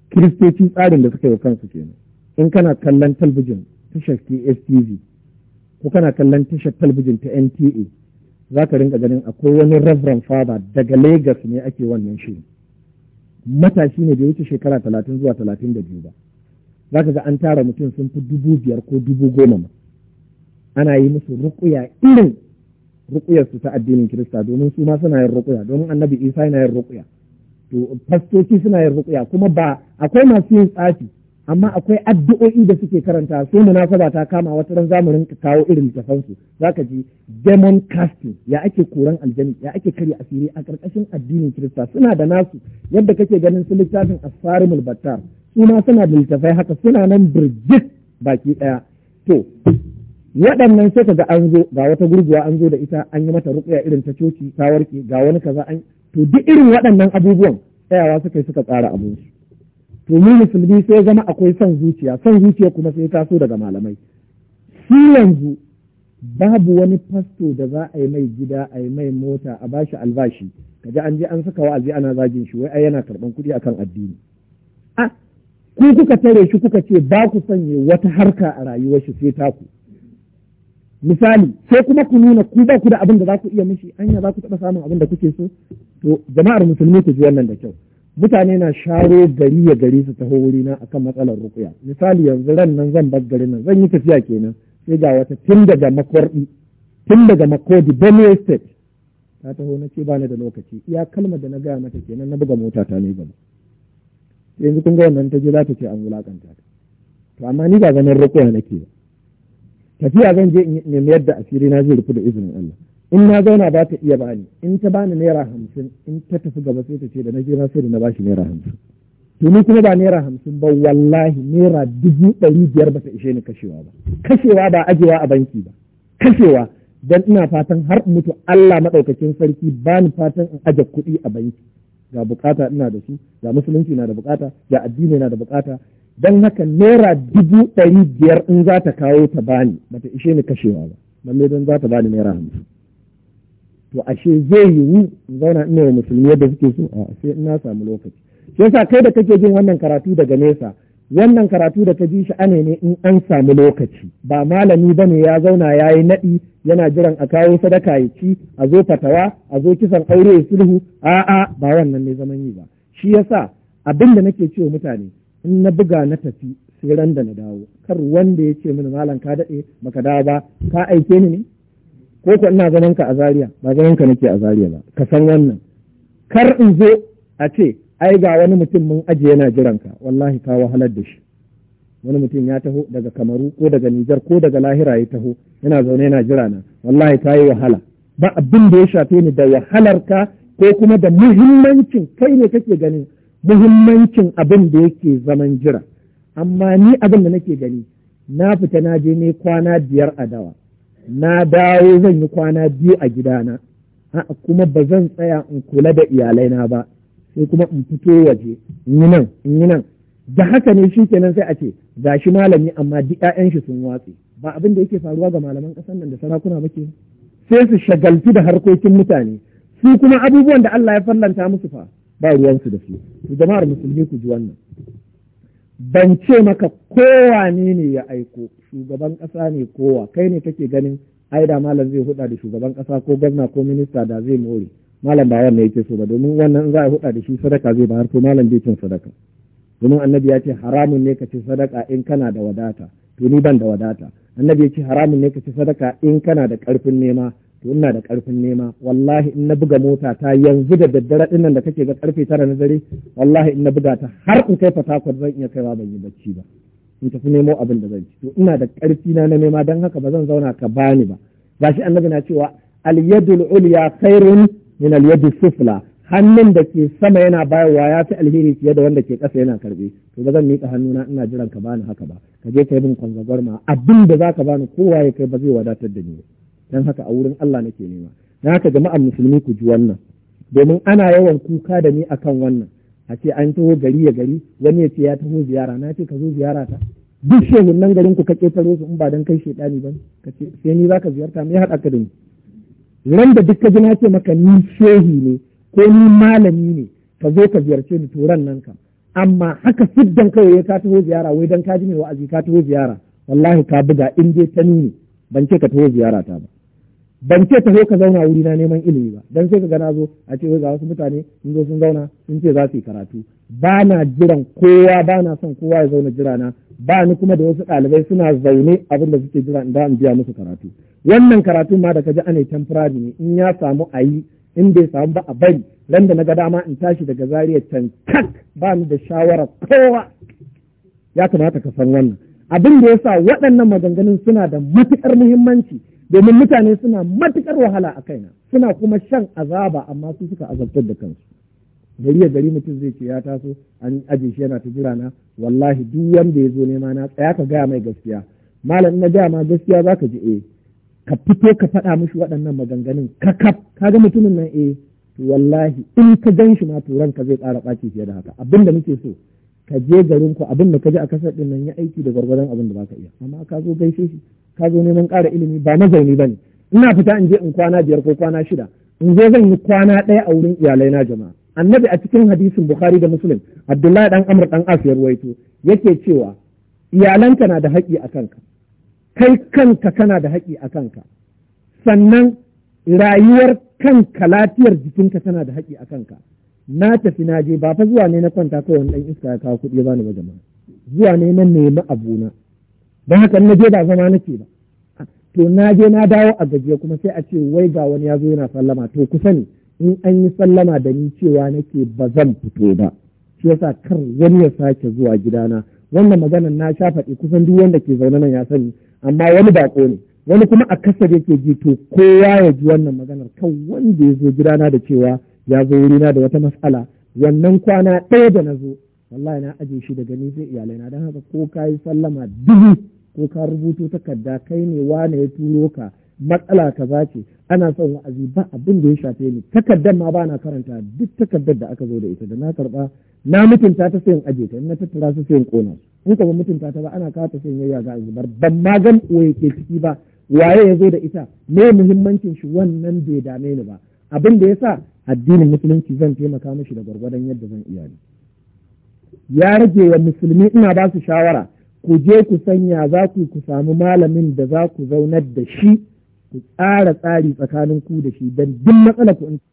S1: kiristoci tsarin da suka yi wa kansu kenan in kana kallon talbijin tashar tstv ko kana kallon tashar talabijin ta NTA za ka rinka ganin akwai wani Reverend Father daga Lagos ne ake wannan shi. Matashi ne bai wuce shekara talatin zuwa talatin da biyu ba. Za ka ga an tara mutum sun fi dubu biyar ko dubu goma ma. Ana yi musu rukuya irin ruƙuyarsu ta addinin Kirista domin su ma suna yin rukuya domin Annabi Isa yana yin rukuya To fastoci suna yin rukuya kuma ba akwai masu yin tsafi amma akwai addu'o'i da suke karanta su munasaba ta kama wata ran zamanin ka kawo irin littafan su zaka ji demon casting ya ake koran aljani ya ake karya asiri a karkashin addinin kirista suna da nasu yadda kake ganin su littafin asfarimul battar su ma suna da littafai haka suna nan birgit baki ɗaya. to waɗannan sai ka ga an zo ga wata gurguwa an zo da ita an yi mata ruƙuya irin ta coci ta warke ga wani kaza an to duk irin waɗannan abubuwan tsayawa suka yi suka tsara abinci to mu musulmi sai zama akwai son zuciya son zuciya kuma sai taso daga malamai shi yanzu babu wani fasto da za a yi mai gida a yi mai mota a bashi albashi kaji an je an saka wa'azi ana zagin shi wai ai yana karban kuɗi akan addini a ku kuka tare shi kuka ce ba ku sanye wata harka a rayuwar shi sai taku misali sai kuma ku nuna ku ba ku da abin da za ku iya mishi anya za ku taɓa samun abin da kuke so to jama'ar musulmi ku ji wannan da kyau mutane na share gari ya gari su taho wurina kan matsalar rukuya misali yanzu ran nan zan bar garin nan zan yi tafiya kenan sai ga wata tun daga makwarɗi tun daga makodi benue state ta taho na ce ni da lokaci iya kalmar da na gaya mata kenan na buga mota ta ne gaba yanzu kun ga wannan ta je za ta ce an wulakanta ta to amma ni ga ganin rukuya nake ba tafiya zan je in nemi yadda asiri na zai rufe da izinin Allah in na zauna ba ta iya bani in ta bani naira hamsin in ta tafi gaba sai ta ce da na je na sai da na shi naira hamsin to ni kuma ba naira hamsin ba wallahi naira dubu ɗari biyar ba ta ishe ni kashewa ba kashewa ba ajewa a banki ba kashewa dan ina fatan har in mutu Allah maɗaukacin sarki ba ni fatan in aje kuɗi a banki ga bukata ina da su ga musulunci na da bukata ga addini na da bukata don haka naira dubu ɗari biyar in za ta kawo ta bani ba ta ishe ni kashewa ba balle don za ta bani naira hamsin to ashe zai yiwu zauna ina wa musulmi yadda suke so a sai ina samu lokaci shi yasa kai da kake jin wannan karatu daga nesa wannan karatu da ka ji shi ane ne in an samu lokaci ba malami ba ne ya zauna ya yi naɗi yana jiran a kawo sadaka ya ci a zo fatawa a zo kisan aure ya sulhu a'a ba wannan ne zaman yi ba shi yasa abin da nake cewa mutane in na buga na tafi sai ran da na dawo kar wanda ya ce mini malam ka daɗe baka dawo ba ka aike ni ne ko ta ina ganin ka a Zariya? ba ganin ka nake a Zariya ba ka san wannan kar in zo a ce ai ga wani mutum mun aje yana jiran ka wallahi ka wahalar da shi wani mutum ya taho daga kamaru ko daga nijar ko daga lahira ya taho yana zaune yana jira na wallahi ka yi wahala ba abin da ya shafe ni da wahalar ka ko kuma da muhimmancin kai ne kake ganin muhimmancin abin da yake zaman jira amma ni abin da nake gani na fita na je ne kwana biyar a dawa na dawo zan yi kwana biyu a gidana a'a kuma ba zan tsaya in kula da iyalaina ba sai kuma in fito waje in yi nan in yi nan da haka ne shi kenan sai a ce ga shi malami amma duk 'ya'yan shi sun watse ba abin da yake faruwa ga malaman ƙasar nan da sarakuna ba ke sai su shagaltu da harkokin mutane su kuma abubuwan da Allah ya fallanta musu fa ba ruwansu da su jama'ar musulmi ku ji wannan ban ce maka kowa ne ne ya aiko shugaban ƙasa ne kowa kai ne kake ganin ai da malam zai huda da shugaban ƙasa ko gwamna ko minista da zai more malam ba yamma yake so ba domin wannan za a huda da shi sadaka zai bayar to malam bai cin sadaka domin annabi ya ce haramun ne ka ci sadaka in kana da wadata to ni ban da wadata annabi ya ce haramun ne ka ci sadaka in kana da karfin nema to ina da ƙarfin nema wallahi in na buga mota ta yanzu da daddare dinnan da kake ga karfe tara na dare wallahi in na buga ta har in kai fatakwar zan iya kaiwa ban yi bacci ba in tafi nemo abin da zan ci to ina da karfi na na nema don haka ba zan zauna ka bani ba gashi annabi na cewa al-yadul ulya khairun min al-yadis sufla hannun da ke sama yana bayarwa ya fi alheri fiye da wanda ke ƙasa yana karɓe to ba zan miƙa hannuna ina jiran ka bani haka ba ka je ka yi min abin da za ka bani kowa ya kai ba zai wadatar da ni Don haka a wurin Allah nake nema na haka jama'a musulmi ku ji wannan domin ana yawan kuka da ni akan wannan a ce an taho gari ya gari wani ya ce ya taho ziyara na ce ka zo ziyara ta duk shehun nan garin ku ka ketaro su in ba dan kai shedani ba ka ce sai ni zaka ziyarta mai haɗa ka da ni ran da duk ka ji na ce maka ni shehi ne ko ni malami ne ka zo ka ziyarce ni turan nan ka amma haka siddan kawai ka taho ziyara wai dan ka ji mai wa'azi ka taho ziyara wallahi ka buga in dai ta nuni ban ce ka taho ziyara ta ba ban ce ta zo ka zauna wuri na neman ilimi ba dan sai ka gana zo a ce ga wasu mutane sun zo sun zauna sun ce za su yi karatu ba na jiran kowa ba na son kowa ya zauna jira na ba ni kuma da wasu ɗalibai suna zaune abin da suke jira da an biya musu karatu wannan karatun ma da ka ji ana temporary ne in ya samu a yi in bai samu ba a bari ran da na ga dama in tashi daga zariya can kak ba ni da shawara kowa ya kamata ka san wannan abin da ya sa waɗannan maganganun suna da matuƙar muhimmanci domin mutane suna matuƙar wahala a kaina suna kuma shan azaba amma su suka azabtar da kansu gari ya gari mutum zai ce ya taso an aje shi yana ta jira na wallahi duk wanda ya zo nema na tsaya ka gaya mai gaskiya malam na gaya ma gaskiya za ka ji eh ka fito ka faɗa mishi waɗannan maganganun ka kakaf ka ga mutumin nan eh wallahi in ka gan shi ma turan ka zai ƙara ɓaci fiye da haka Abinda da muke so ka je garin ku abin da ka ji a kasar din nan ya aiki da gwargwadon abin da baka iya amma ka zo gaishe shi ka zo neman ƙara ilimi ba mazauni bane ina fita in je in kwana biyar ko kwana shida in zo zan yi kwana ɗaya a wurin iyalai na jama'a annabi a cikin hadisin bukhari da muslim abdullahi dan amr dan as ya ruwaito yake cewa iyalanka na da haƙƙi a kanka kai kanka kana da haƙƙi a kanka sannan rayuwar kanka lafiyar jikinka tana da haƙƙi a kanka na tafi na je ba fa zuwa ne na kwanta kawai wani dan iska ya kawo kuɗi ya bani ba jama'a zuwa ne na nemi abuna don haka na je ba zama nake ba to na je na dawo a gajiya kuma sai a ce wai ga wani ya zo yana sallama to ku sani in an yi sallama da ni cewa nake ba zan fito ba shi yasa kar wani ya sake zuwa gidana wannan maganar na sha faɗi kusan duk wanda ke zaune nan ya sani amma wani bako ne wani kuma a kasar yake ji to kowa ya ji wannan maganar kan wanda ya zo gidana da cewa ya zo wurina da wata matsala wannan kwana ɗaya da na zo wallahi na ajiye shi daga ni sai iyalai na don haka ko ka yi sallama dubu ko ka rubuto takarda kai ne wane ya turo ka matsala ka za ce ana son wa'azi ba abin da ya shafe ni takardar ma ba na karanta duk takardar da aka zo da ita da na karba na mutunta ta sayin aje ta na tattara su sayin kona in ka ba mutunta ta ba ana kawo ta sayin yayya ga azubar ban ma gan uwa ke ciki ba waye ya zo da ita me muhimmancin shi wannan bai dame ni ba abin da sa. addinin musulunci zan taimaka mashi da gwargwadon yadda zan iya ya rage wa musulmi ina ba su shawara ku je ku sanya za ku ku samu malamin da za ku zaunar da shi ku tsara tsari tsakanin ku da shi don duk matsalar ku